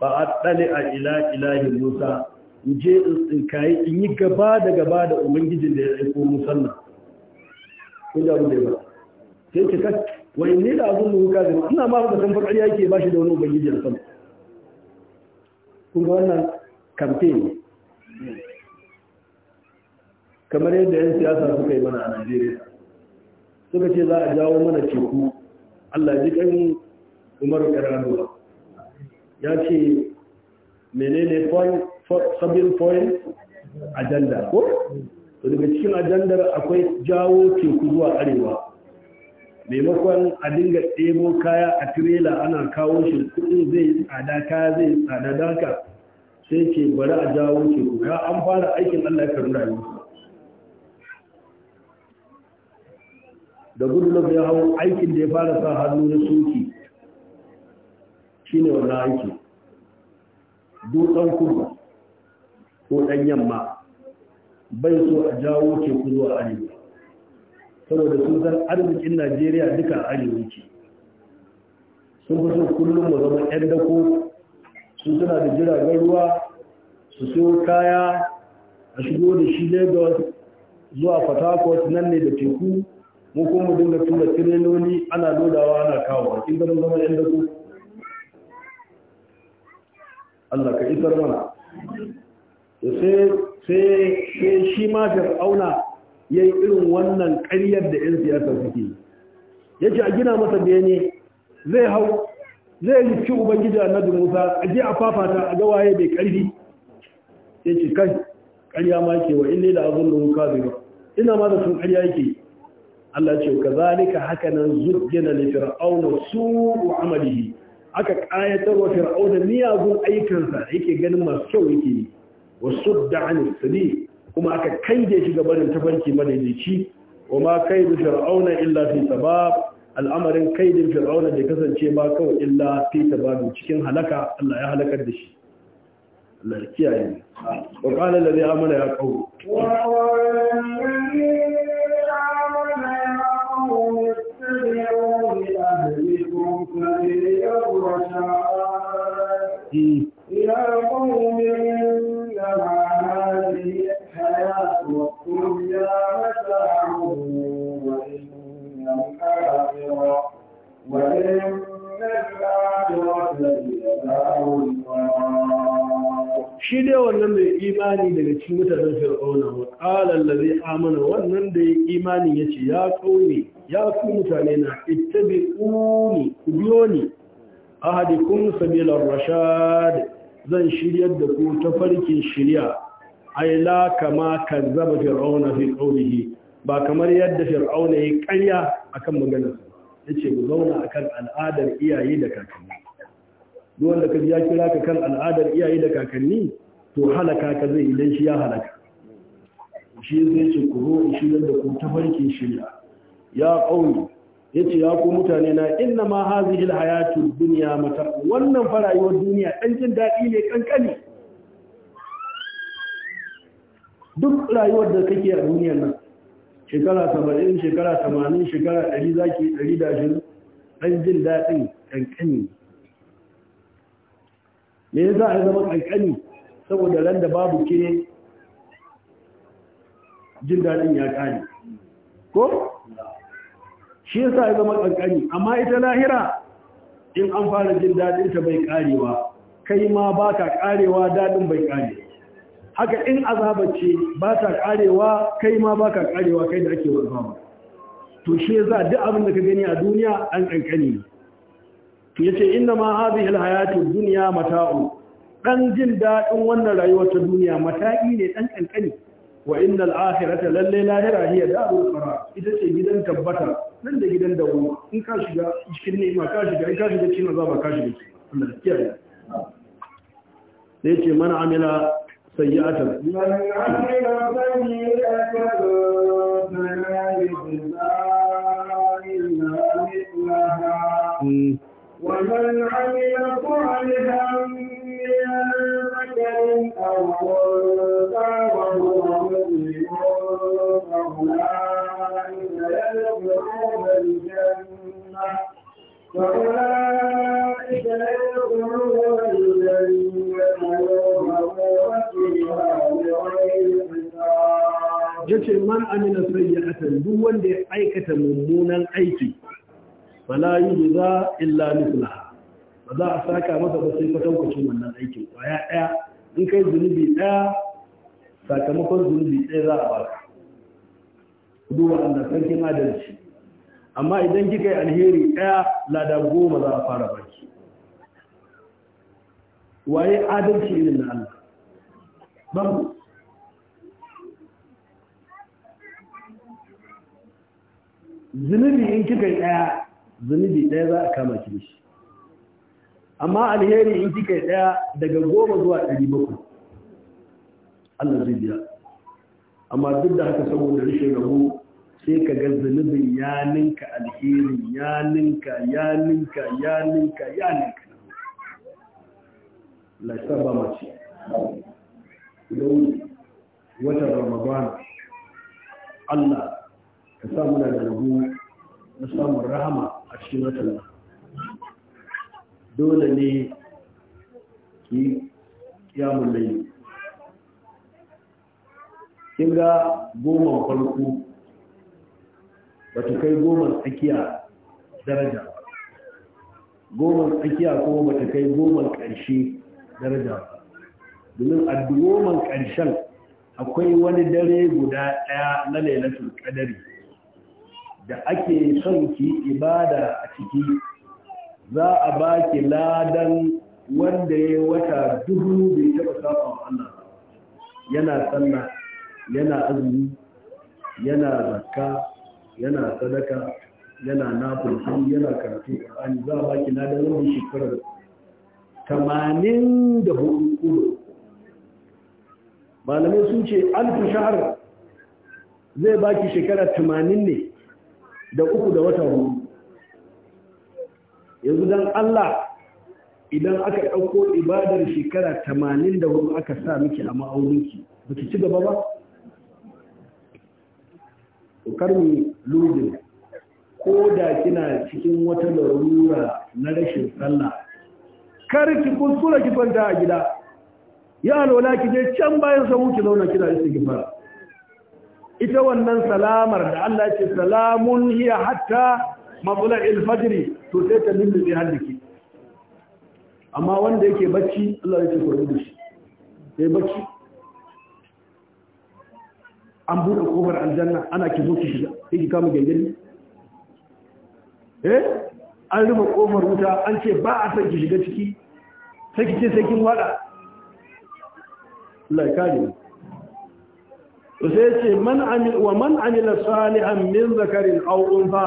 ba a tsale a ila ilahi musa in je in tsinkaye in yi gaba da gaba da ubangijin da ya aiko musamman nan kun ji abin da ya ba sai ce ka wani ne da abin da kuka zama ina ma da san farkar yake ba shi da wani ubangijin sama kun ga wannan campaign kamar yadda 'yan siyasa suka yi mana a najeriya suka ce za a jawo mana teku allah ji kan umar karanuwa ya ce menene sabin point agenda ko to daga cikin ajandar akwai jawo teku zuwa arewa maimakon a dinga ɗebo kaya a tirela ana kawo shi kudin zai tsada kaya zai tsada daka sai ce bari a jawo teku ka an fara aikin allah ya karu rayuwa da gudunlok ya hau aikin da ya fara sa hannu na soki shine wannan yake dutsen kudu ko ɗan yamma bai so a jawo teku zuwa arewa saboda sun san arzikin najeriya duka arewa ke sun fi so kullum mu zama ƴan dako sun suna da jiragen ruwa su siyo kaya a shigo da shi lagos zuwa fatakot nan ne da teku mu kuma dinga tura tireloli ana lodawa ana kawo a kin zama 'yan dako Allah ka isar mana sai shi ma fir'auna ya yi irin wannan ƙaryar da 'yan siyasa suke ya ce a gina masa bene zai hau zai rikki ubangiji annabi musa a je a fafata a gawaye bai ƙarfi ya ce kai ƙarya ma ke wa inda da abin da muka ba ina ma da sun ƙarya yake Allah ce ka haka nan zurgina li fir'auna su'u amalihi aka ƙayatar wa fir'auna miyagun aikansa yake ganin masu kyau yake yi wa da an kuma aka kange shi ga barin tafarki madaidaici wa ma da fir'auna illa fi sabab al'amarin da fir'auna da kasance ba kawai illa fi sabab cikin halaka Allah ya halakar da shi Allah ya kiyaye wa qala allazi amana ya qawl wa qala shi dai wannan mai imani daga cikin mutanen fir'auna wa qala allazi amana wannan da ya imani yace ya kauni ya ku mutane na ƙuni ku biyo ni hadikun sabilar rashad zan shiryar da ku ta farkin shirya ai la kama kazzaba fir'auna fi qawlihi ba kamar yadda fir'auna ya ƙarya akan maganarsa yace ku zauna akan al'adar iyaye da kakanni duk wanda ka ya kira ka kan al'adar iyaye da kakanni to halaka ka zai idan shi ya halaka shi zai ce ku zo shi shiryar da ku ta farkin shirya ya qawli yace ya ku mutane na inna ma hazihi alhayatu dunya mata wannan fa rayuwar duniya dan jin dadi ne kankani duk rayuwar da kake a duniyar nan shekara 70 shekara 80 shekara 100 zaki 120 dan jin dadi kankani me yasa ai zama kankani saboda ran da babu ke jin dadin ya kare ko shi yasa ya zama kankani amma ita lahira in an fara jin dadin ta bai karewa kai ma ba ka karewa dadin bai kare haka in azaba ce ba ta karewa kai ma ba ka karewa kai da ake ba, to shi yasa duk abin da ka gani a duniya an kankani ne to yace inna ma hadhihi alhayatu dunya mata'u ɗan jin daɗin wannan rayuwar ta duniya mata'i ne dan kankani وإن الآخرة للآخرة هي دار القرار إذا سيدنا كبتا لن تجدن دوما إن كاشجا إشكني ما كاشجا إن كاشجا كنا ضابا كاشجا أما كيف ليش من عمل سيئة من عمل سيئة فلا ومن عمل صالحا من ذكر او انثى وهو Yace man amina sayi a kan duk wanda ya aikata mummunan aiki, fala yi za illa nufula, ba za a saka masa ba sai wannan aikin, ƙwaya ɗaya, in kai zunubi ɗaya, sakamakon zunubi ɗaya za a baka. duba Allah sarkin adalci amma idan kika yi alheri ɗaya lada goma za a fara baki waye adalci irin na Allah babu zunubi in kika yi ɗaya zunubi ɗaya za a kama ki shi amma alheri in kika yi ɗaya daga goma zuwa ɗari bakwai Allah zai biya amma duk da haka saboda rashin rabo sai ka ga zunubin ya ninka alheri ya ninka ya ninka ya ninka ya ninka laisa ba mace don wata ramadan allah ka sa muna da rabu na samun rahama a cikin watan dole ne ki kiyamun laifin kin ga goma farko ba kai goma tsakiya daraja goma tsakiya ko ba ta kai goma ƙarshe daraja domin a goma ƙarshen akwai wani dare guda ɗaya na lailatul kadari da ake son ki ibada a ciki za a baki ladan wanda ya wata duhu bai taɓa saƙon Allah yana sallah yana azumi yana zakka yana sadaka yana nafulki yana karatu an za a baki na da wani shekarar 84 hudu. malamai sun ce alfi shahar zai baki shekara 80 ne da uku da wata hudu yanzu don allah idan aka ɗauko ibadar shekara hudu aka sa miki a ma'aurinki ba ki ci gaba ba ku kar lubin ko da kina cikin wata larura na rashin sallah kar ki kuskura ki kwanta a gida ya alwala ki je can bayan samu ki zauna kina istighfar ita wannan salamar da Allah ya ce salamun hiya hatta matla'il fajr to sai ta lullube hannunki amma wanda yake bacci Allah ya ce ku da shi sai bacci an buɗe kofar aljanna ana ki zo ki shiga sai ki kama gangan eh an rufe kofar wuta an ce ba a san ki shiga ciki sai ki ce sai kin wada Allah ne. kare to sai ce man amil wa man amila salihan min zakarin aw unfa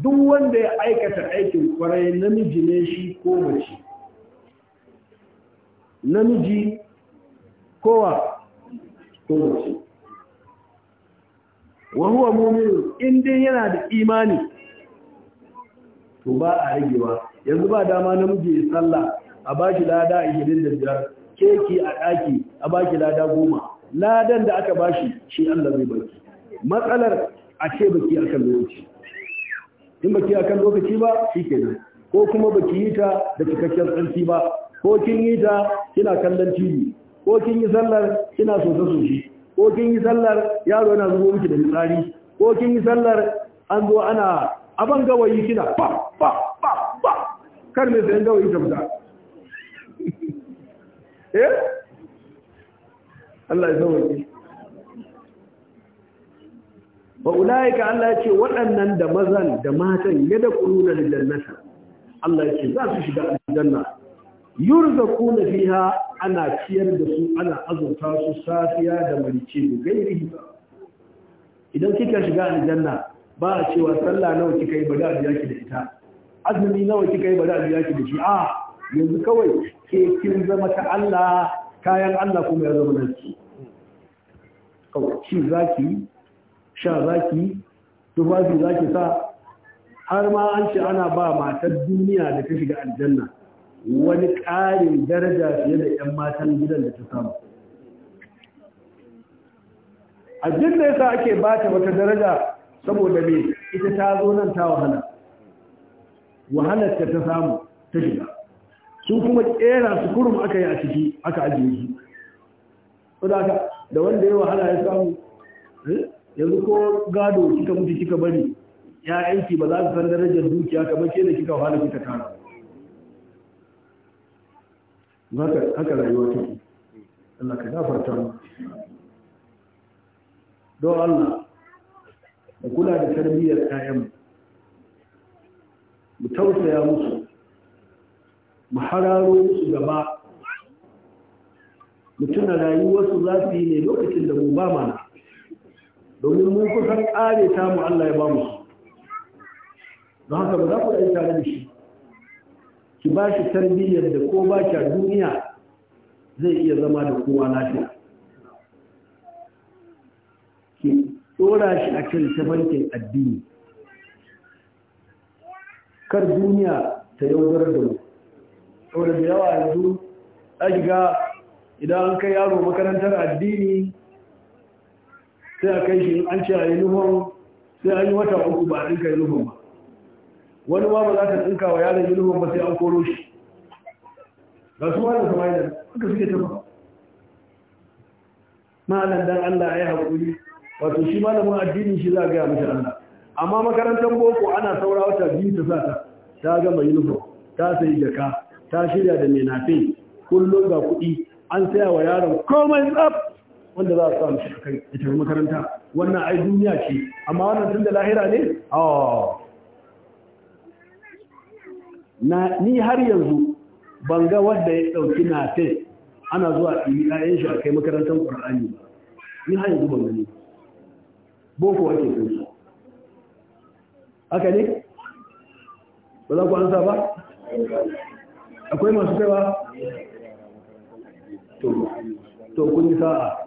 duk wanda ya aikata aikin kwarai namiji ne shi ko mace namiji kowa ko mace wa huwa mu'min yana da imani to ba a ragewa yanzu ba dama namiji ya sallah a bashi lada a da biyar keke a ɗaki a baki lada goma. ladan da aka bashi shi Allah zai baki matsalar a ce baki akan lokaci in baki akan lokaci ba shi ke nan. ko kuma baki yi ta da cikakken tsarki ba ko kin yi ta kina kallon TV ko kin yi sallar kina sosa sosai. ko kin yi sallar yaro yana zubo miki da misali ko kin yi sallar an zo ana aban gawayi kina ba ba ba ba kar me sayan gawayi ta fita eh Allah ya zama ki wa ulaika Allah ya ce waɗannan da mazan da matan yada kuluna lil jannata Allah ya ce za su shiga aljanna yurzaquna fiha ana ciyar da su ana azurta su safiya da marice da gairi idan kika shiga aljanna ba a cewa sallah nawa kika yi ba da biya ki da ita azumi nawa kika yi ba da biya ki da shi a yanzu kawai ke kin zama ta Allah kayan Allah kuma ya zama ki kawai ki zaki sha zaki tufafi zaki sa har ma an ce ana ba matar duniya da ta shiga aljanna wani ƙarin daraja fiye da 'yan matan gidan da ta samu abin da yasa ake ba ta wata daraja saboda me ita ta zo nan ta wahala wahalar ta samu ta shiga su kuma ƙera su kurum aka yi a ciki aka ajiye shi saboda da wanda ya wahala ya samu eh, yanzu ko gado kika mutu kika bari ya'yanki ba za su san darajar dukiya kamar ke da kika wahala kika tara haka rayuwa take Allah ka gafarta mu don Allah da kula da tarbiyyar ƴaƴan mu tausaya musu mu hararo musu gaba mu tuna rayuwarsu za su yi ne lokacin da mu ba mana domin mun kusan ƙare ta mu Allah ya ba mu don haka ba za ku ɗan tare da shi ki ba shi tarbiyyar da ko ba a duniya zai iya zama da kowa lafiya ki tsora shi a kan tabarkin addini kar duniya ta yaudarar da mu saboda da yawa yanzu a shiga idan an kai yaro makarantar addini sai a kai shi an ce a yi sai an yi wata uku ba a ɗinka yi ba wani ma ba za ta tsinka wa yaron yi ba sai an koro shi ga su wani sama yana suka suke tafa malam dan Allah ya haƙuri wato shi malamin addinin shi za a gaya mashi Allah amma makarantar boko ana saura wata biyu ta sa ta ta gama uniform ta sayi jaka ta shirya da menafe kullum ga kuɗi an saya wa yaron komai tsaf wanda za a sa mashi kai ita makaranta wannan ai duniya ce amma wannan tun da lahira ne oh na ni har yanzu ban ga wanda ya dauki na fe ana zuwa ɗibi ɗayan shi a kai makarantar ƙur'ani ba ni har yanzu ban gani boko ake kai su haka ne ba za ku ansa ba akwai masu kaiwa to kun yi sa'a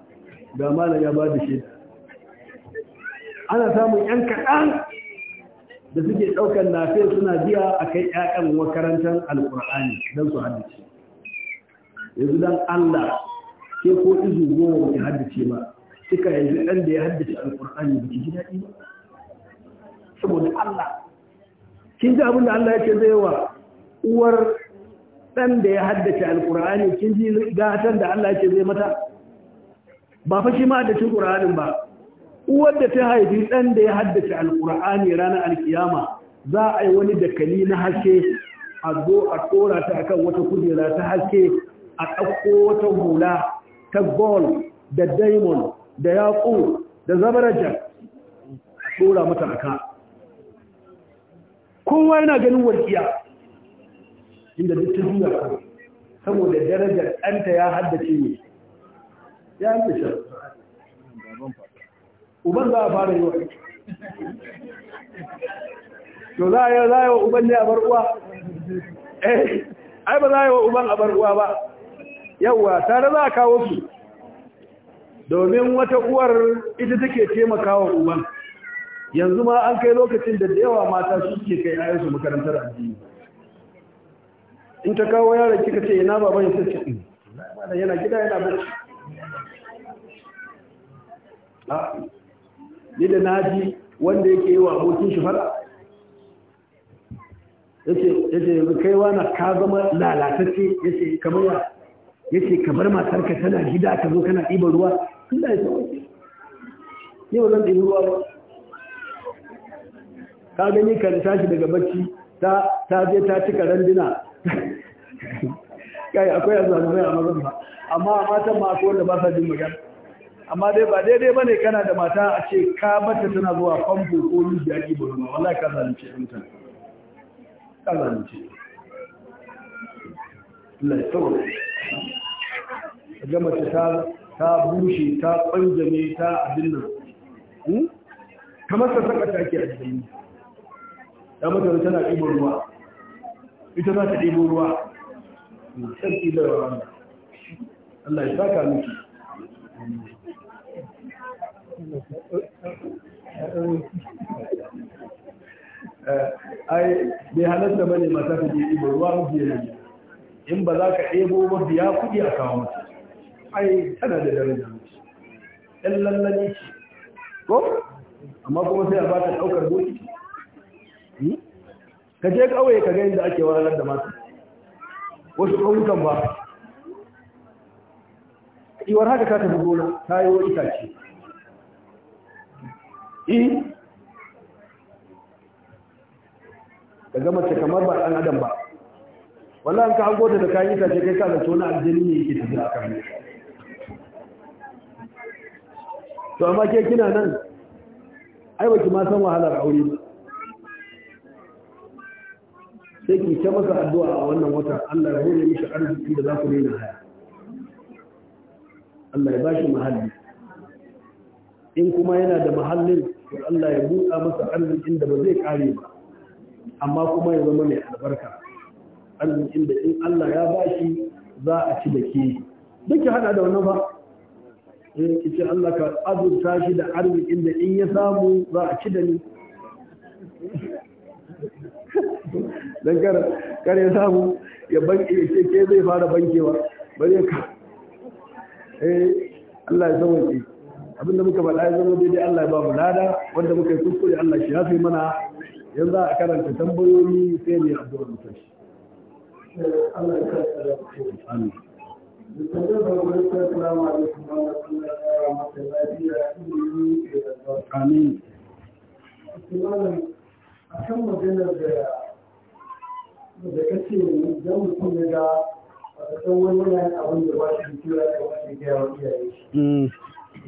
ga malam ya ba da shi ana samun yan kaɗan da suke ɗaukar lafiyar suna biya a kai ‘ya'yan makarantar alkur'ani don su haddace yanzu don allah ke ko izu goma ba ki haddace ba kika yanzu ɗan da ya haddace alkur'ani ba ki ji daɗi ba saboda allah kin ji abin da allah ya ce zai wa uwar ɗan da ya haddace alkur'ani kin ji gatan da allah ya ce zai mata ba fa shi ma haddace ƙur'anin ba uwar da ta haifi ɗan da ya haddace alkur'ani ranar alkiyama za a yi wani dakali na haske a zo a tsora ta akan wata kujera ta haske a ɗauko wata hula ta gol da diamond da yaƙo da zabarajar a tsora mata aka kowa yana ganin warkiya inda duk ta ko saboda darajar ɗanta ya haddace ne ya haddace uban za a fara yi wa to za a yi yi wa uban ne a bar uwa eh ai ba za a yi wa uban a bar uwa ba yawwa tare za a kawo su domin wata uwar ita take taimakawa uban yanzu ma an kai lokacin da da yawa mata su suke kai ayansu makarantar addini in ta kawo yaron kika ce ina baban ya sace mm, yana gida yana bacci ah, ni da naji wanda yake yi wa abokin shi fara yace ce kai na ka zama lalatacce yace kamar ya ce kamar matarka tana gida ka zo kana ɗiban ruwa tun da ni ba zan ɗibi ruwa ba ka gani kan tashi daga bacci ta ta je ta cika randuna kai akwai azalumai a mazan ba amma matan masu wanda ba sa jin magana amma dai ba daidai bane kana da mata a ce ka bata tana zuwa famfo ko rijiya ki ma. wallahi ka zalunce ɗinta ka zalunce Allah ya tsawo ga mace ta ta bushe ta kwanjame ta abin nan kamar hmm? ta saka take a cikin da mata tana ɗibo ruwa ita za ta ɗibo ruwa sarki da Allah ya saka miki ai bai halatta ba ne mata ka jiri ba ruwa mafi yana in ba za ka ɗebo ba biya kuɗi a kawo mata ai tana da dare da mace ɗan lallani ce ko amma kuma sai a ba ta ɗaukar doki hmm? ka je kawai ka ga da ake wahalar da mata wasu ƙauyukan ba iwar haka ka tafi gona ta yi wa itace eh daga mace kamar ba ɗan adam ba an ka hango da kayan itace kai ka tona aljini ne yake tafi a kan to amma ke kina nan ai baki ma san wahalar aure ba sai ki ta masa addu'a a wannan wata Allah ya hore mishi arzikin da za ku rena haya Allah ya bashi mahalli in kuma yana da mahallin to Allah ya buɗa masa arzikin da ba zai kare ba amma kuma ya zama mai albarka arzikin da in Allah ya bashi za a ci da ke duk ya hada da wannan ba in eh, ki ce Allah ka azurta shi da arzikin da in ya samu za a ci da ni dan kar kar ya samu ya banke ce ke zai fara bankewa bare ka eh Allah ya ki abinda muka faɗa ya zama daidai Allah ya ba mu lada wanda muka yi kuskure Allah shi fi mana yanzu a karanta tambayoyi sai ne addu'a mutum Allah ya karanta amin Amin. a maganar da da kace idan mutum ya ga a tsawon wani abin da ba shi da wani gaya wa iyaye hmm.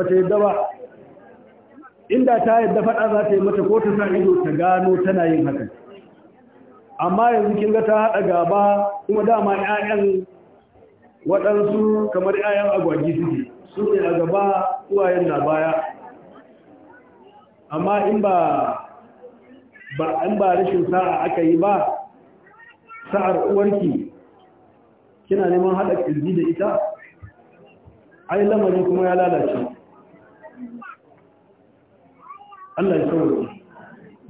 ba ta yadda ba inda ta yadda faɗa za ta yi mata ko ta sa ido ta gano tana yin haka amma yanzu kin ga ta haɗa gaba kuma dama 'ya'yan waɗansu kamar 'ya'yan agwagi suke su ne a gaba uwayen na baya amma in ba ba an ba rashin sa'a aka yi ba sa'ar uwarki kina neman haɗa ƙirji da ita ai lamarin kuma ya lalace Allah ya sauke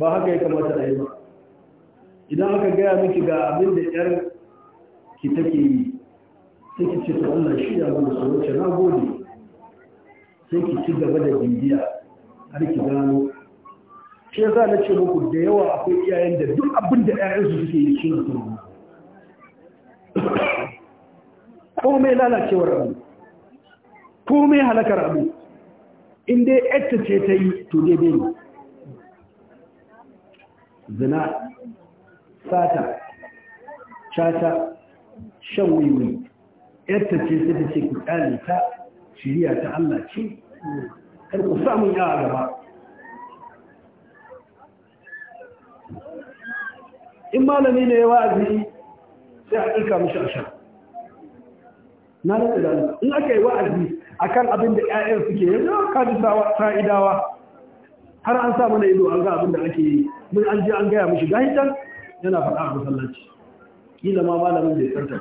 ba haka ya kamata da yi ba idan aka gaya miki ga abin da yar ki take yi sai ki ce to Allah shi ya gudu su wuce na gode sai ki ci gaba da bibiya har ki gano shi yasa na ce muku da yawa akwai iyayen da duk abin da su suke yi shi ne komai lalacewar abu komai halakar abu in dai ce ta yi to dai ne zina sata chata shan wiwi yadda ce sai ta ce kudali ta shiriya ta Allah ce kar ku samu ya gaba in malami ne ya wa'azi sai a ɗirka mishi a sha na rantsa da in aka yi wa'azi akan abin da ƴaƴan suke yanzu ka ji sa'idawa har an sa mana ido an ga abin da ake yi mun an je an gaya mishi gashi can yana faɗa a masallaci kila ma malamin bai karta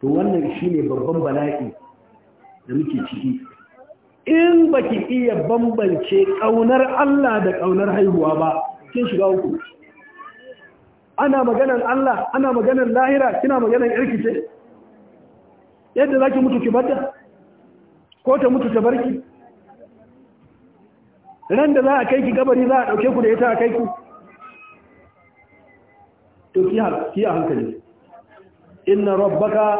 to wannan shine babban bala'i da muke ciki in baki iya bambance kaunar Allah da kaunar haihuwa ba kin shiga uku ana maganar Allah ana maganar lahira kina maganar yarki ce yadda zaki mutu ki bada ko ta mutu ta barki ran da za a kai ki gabari za a ɗauke ku da ita a kai ku to ki a hankali inna rabbaka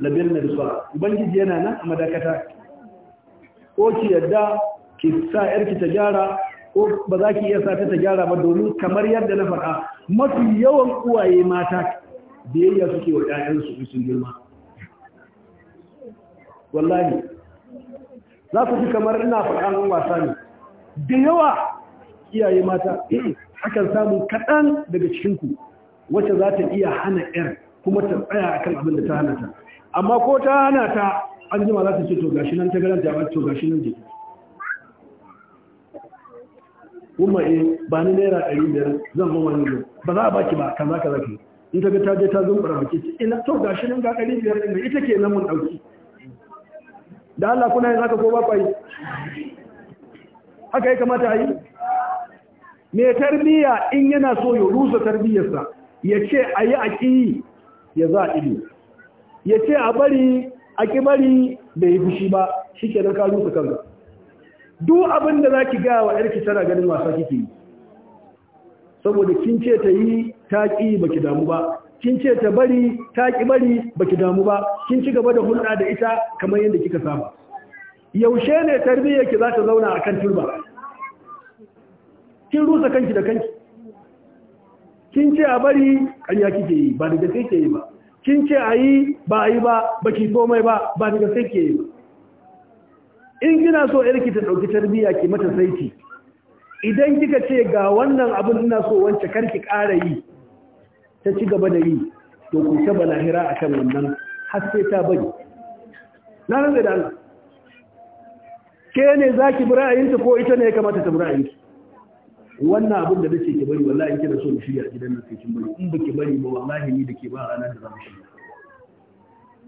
labin na bisuwa ubangiji yana nan a madakata ko ki yadda ki sa yarki ta gyara ko ba za ki iya sa ta gyara ba domin kamar yadda na faɗa mafi yawan uwaye mata biyayya suke wa ƴaƴansu sun girma wallahi za ku ji kamar ina faɗa wasa ne da yawa iyaye mata akan samu kaɗan daga cikinku wacce za ta iya hana ƴar kuma ta tsaya akan abin da ta hana ta amma ko ta hana ta an jima za ta ce to gashi nan ta garanta ba to gashi nan jiki kuma eh ba ni naira ɗari biyar zan ba wani ba za a baki ba kaza kaza ki. in ta ga ta je ta zumbura baki ce ina to gashi nan ga ɗari biyar ɗin ita ke nan mun ɗauki da Allah kuna yin haka ko ba kwai haka ya kamata a yi mai tarbiyya in yana so ya rusa tarbiyyarsa ya ce a yi a ya za a ido ya ce a bari a ƙi bari bai yi fushi ba shi ke ka rusa kanka duk abin da za ki gaya wa ƴarki tana ganin wasa kike yi saboda kin ce ta yi ta ƙi ba damu ba kin ce ta bari ta ƙi bari baki damu ba kin ci gaba da hulɗa da ita kamar yadda kika saba yaushe ne tarbiyyar ki za ta zauna a kan turba kin rusa kanki da kanki kin ce a bari kanya kike yi ba daga sai ke yi ba kin ce a yi ba a yi ba ba ki komai ba ba daga sai ke yi ba in kina so yarki ta ɗauki tarbiyya ki mata saiti idan kika ce ga wannan abin ina so wance karki ƙara yi ta ci gaba da yi to ku ta balahira akan wannan har sai ta bari na nan da Allah ke ne za ki bi ra'ayinta ko ita ne ya kamata ta bi ra'ayinta? wannan abin da nace ki bari wallahi kina so mu shirya gidan nan sai bari in baki bari ba wallahi ni da ke ba ranar da za mu shirya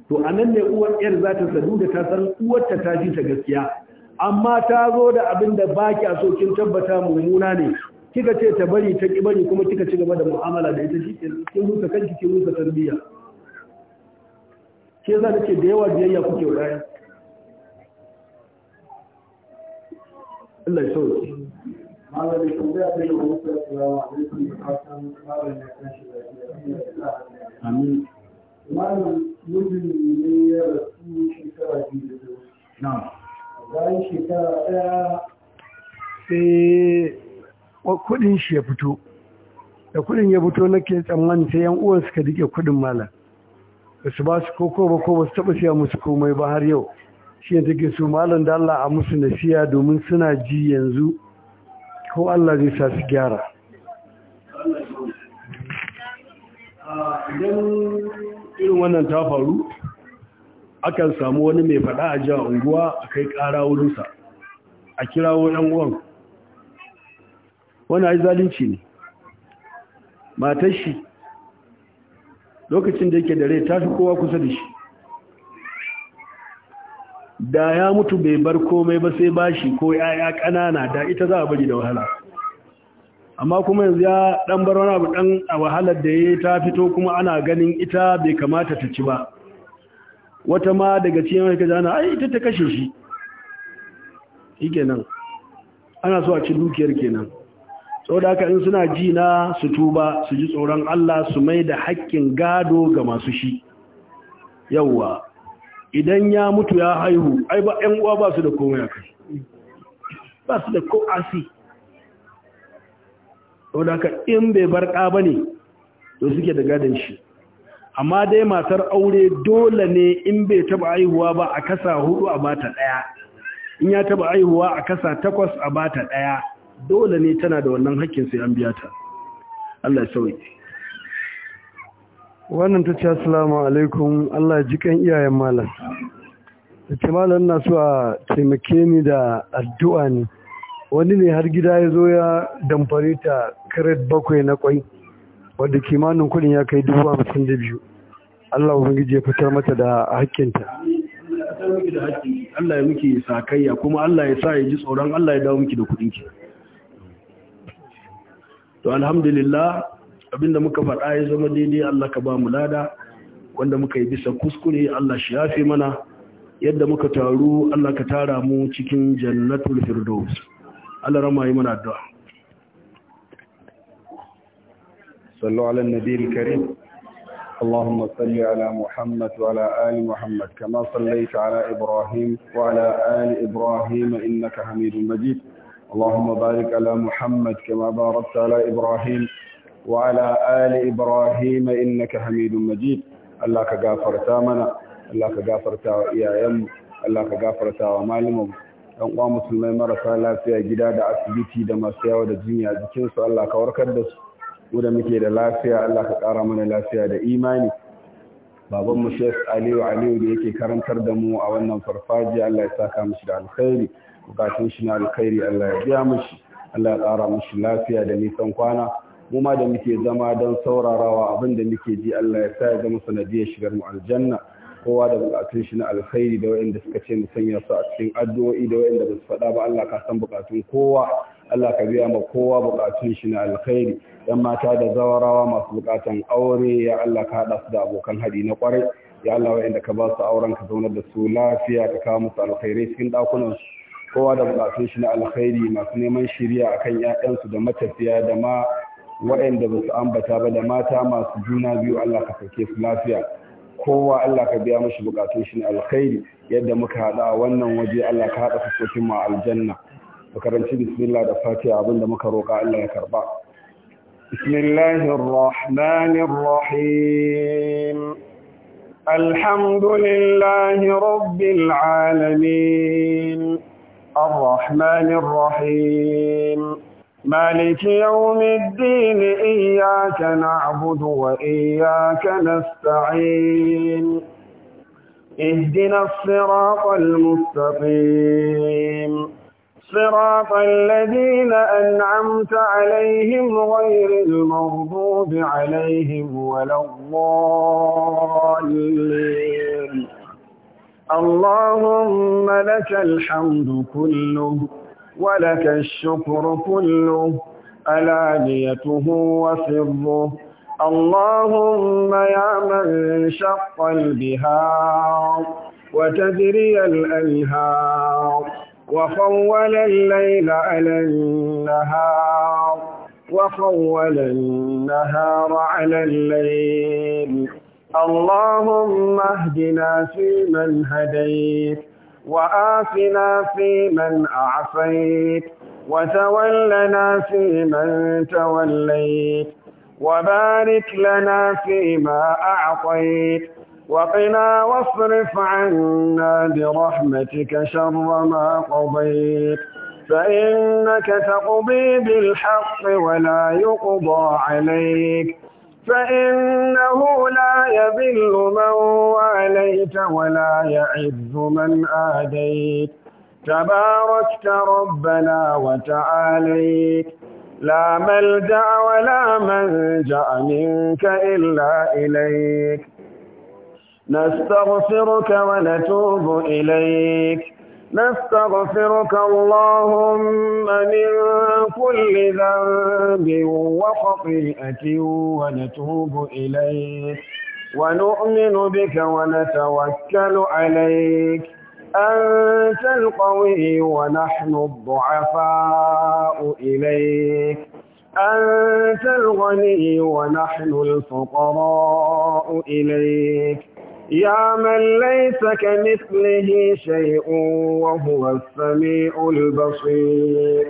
to anan ne uwar yar za ta sadu da ta san uwar ta ta ji ta gaskiya amma ta zo da abin da ba ki so kin tabbata mummuna ne kika ce ta bari ta ki bari kuma kika ci gaba da mu'amala da ita shi kin rusa kanki kin rusa tarbiyya ke za ce da yawa biyayya kuke wa Allah ya sauke malami ta yi da ya da shi amin ya rasu da kuɗin shi ya fito da kuɗin ya fito nake tsammanin sai yan uwan suka rike kuɗin malam ba su ba su koko ba ko ba su taɓa siya musu komai ba har yau shi ne take su malam da Allah a musu nasiya domin suna ji yanzu ko Allah zai sa su gyara idan irin wannan ta faru akan samu wani mai fada a jiya unguwa a kai kara wurinsa a kirawo ɗan uwan wani zalunci ne Matashi. lokacin da yake da rai ta fi kowa kusa da shi da ya mutu bai bar komai ba sai bashi ko yaya ƙanana da ita za a bari da wahala amma kuma yanzu ya dan bar wani abu dan a wahalar da ya ta fito kuma ana ganin ita bai kamata ta ci ba wata ma daga cikin wani kaji ana ai ita ta kashe shi ike ana so a ci dukiyar kenan da haka in suna ji na su tuba su ji tsoron Allah su mai da haƙƙin gado ga masu shi yawwa idan ya mutu ya haihu ai ba ɗan uwa ba su da komai akai ba su da ko asi saboda haka in bai bar ɗa ba ne to suke da gadon shi amma dai matar aure dole ne in bai taba haihuwa ba a kasa hudu a bata ɗaya in ya taba haihuwa a kasa takwas a bata ɗaya dole ne tana da wannan hakkin sai an biya ta Allah ya sauye wannan ta ce 'asalamu alaikum Allah jikan iyayen malam ta ce malam na so a taimake ni da addu'a ne wani ne har gida ya zo ya damfare ta karat bakwai na kwai wadda kimanin kudin ya kai dubu hamsin da biyu Allah ubangiji ya fitar mata da hakkinta Allah ya miki sakayya kuma Allah ya sa ya ji tsoron Allah ya dawo miki da kudinki to alhamdulillah abinda muka faɗa ya zama daidai Allah ka ba mu lada wanda muka yi bisa kuskure Allah shi yafe mana yadda muka taru Allah ka tara mu cikin jannatul firdaus Allah rama yi mana addu'a sallu ala nabiyil karim اللهم صل على محمد وعلى آل محمد كما صليت على إبراهيم وعلى آل إبراهيم إنك حميد مجيد اللهم بارك على محمد كما باركت على إبراهيم وعلى آل إبراهيم إنك حميد مجيد الله كغافرتا منا الله كغافرتا وإيايم الله كغافرتا ومعلمهم ɗan uwa musulmai marasa lafiya gida da asibiti da masu yawa da jinya jikinsu Allah ka warkar da su mu da muke da lafiya Allah ka ƙara mana lafiya da imani baban mu Sheikh Aliyu Aliyu da yake karantar da mu a wannan farfaji Allah ya saka mishi da alkhairi bukatun shi na alkhairi Allah ya biya mishi Allah ya ƙara mishi lafiya da nisan kwana mu ma da muke zama don saurarawa abin da muke ji Allah ya sa ya zama sanadiyar shigar mu aljanna kowa da bukatun shi na alkhairi da wayanda suka ce mu sanya su a cikin addu'o'i da wayanda ba su faɗa ba Allah ka san bukatun kowa Allah ka biya ma kowa bukatun shi na alkhairi yan mata da zawarawa masu bukatan aure ya Allah ka haɗa su da abokan haɗi na kwarai ya Allah wayanda ka ba su auren ka zaunar da su lafiya ka kawo musu alkhairai cikin ɗakunan su kowa da bukatun shi na alkhairi masu neman shiriya akan 'ya'yansu da matafiya da ma waɗanda ba su ambata ba da mata masu juna biyu Allah ka sake su lafiya kowa Allah ka biya mashi bukatun shi na alkhairi yadda muka haɗa a wannan waje Allah ka haɗa fuskokin mu aljanna mu karanci bismillah da fatiha abinda muka roƙa Allah ya karɓa. bismillahir rahmanir alhamdulillahi الرحمن الرحيم مالك يوم الدين إياك نعبد وإياك نستعين اهدنا الصراط المستقيم صراط الذين أنعمت عليهم غير المغضوب عليهم ولا الضالين اللهم لك الحمد كله ولك الشكر كله ألانيته وفره اللهم يا من شق البهار وتدري الأنهار وخول الليل على النهار وخول النهار على الليل اللهم اهدنا فيمن هديت وآتنا فيمن أعفيت وتولنا فيمن توليت وبارك لنا فيما أعطيت وقنا واصرف عنا برحمتك شر ما قضيت فإنك تقضي بالحق ولا يقضى عليك فإنه لا يذل من واليت ولا يعز من آديت تباركت ربنا وتعاليت لا ملجأ ولا منجأ منك إلا إليك نستغفرك ونتوب إليك نستغفرك اللهم من كل ذنب وخطيئة ونتوب إليك ونؤمن بك ونتوكل عليك أنت القوي ونحن الضعفاء إليك أنت الغني ونحن الفقراء إليك يا من ليس كمثله شيء وهو السميع البصير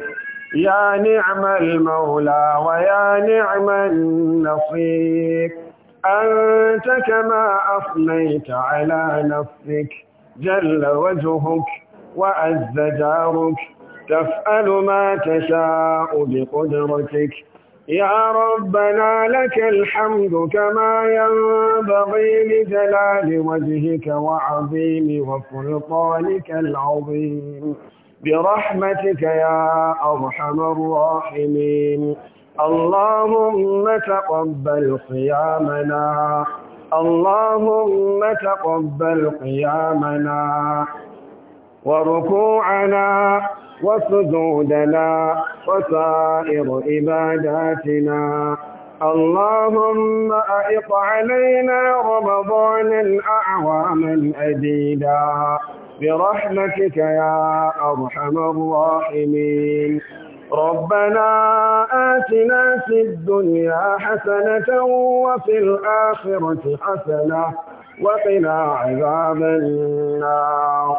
يا نعم المولى ويا نعم النصير أنت كما أصليت على نفسك جل وجهك وأز جارك تفعل ما تشاء بقدرتك يا ربنا لك الحمد كما ينبغي لجلال وجهك وعظيم وسلطانك العظيم برحمتك يا أرحم الراحمين اللهم تقبل قيامنا اللهم تقبل قيامنا وركوعنا وسجودنا وسائر عباداتنا اللهم أعط علينا رمضان الأعوام الأديدا برحمتك يا أرحم الراحمين ربنا آتنا في الدنيا حسنة وفي الآخرة حسنة وقنا عذاب النار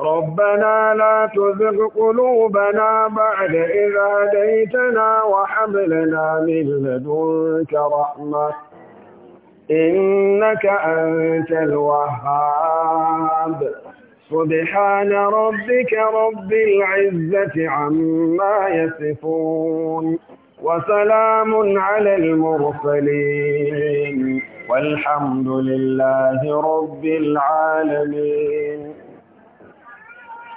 ربنا لا تزغ قلوبنا بعد إذا هديتنا وهب لنا من لدنك رحمة إنك أنت الوهاب سبحان ربك رب العزة عما يصفون وسلام على المرسلين والحمد لله رب العالمين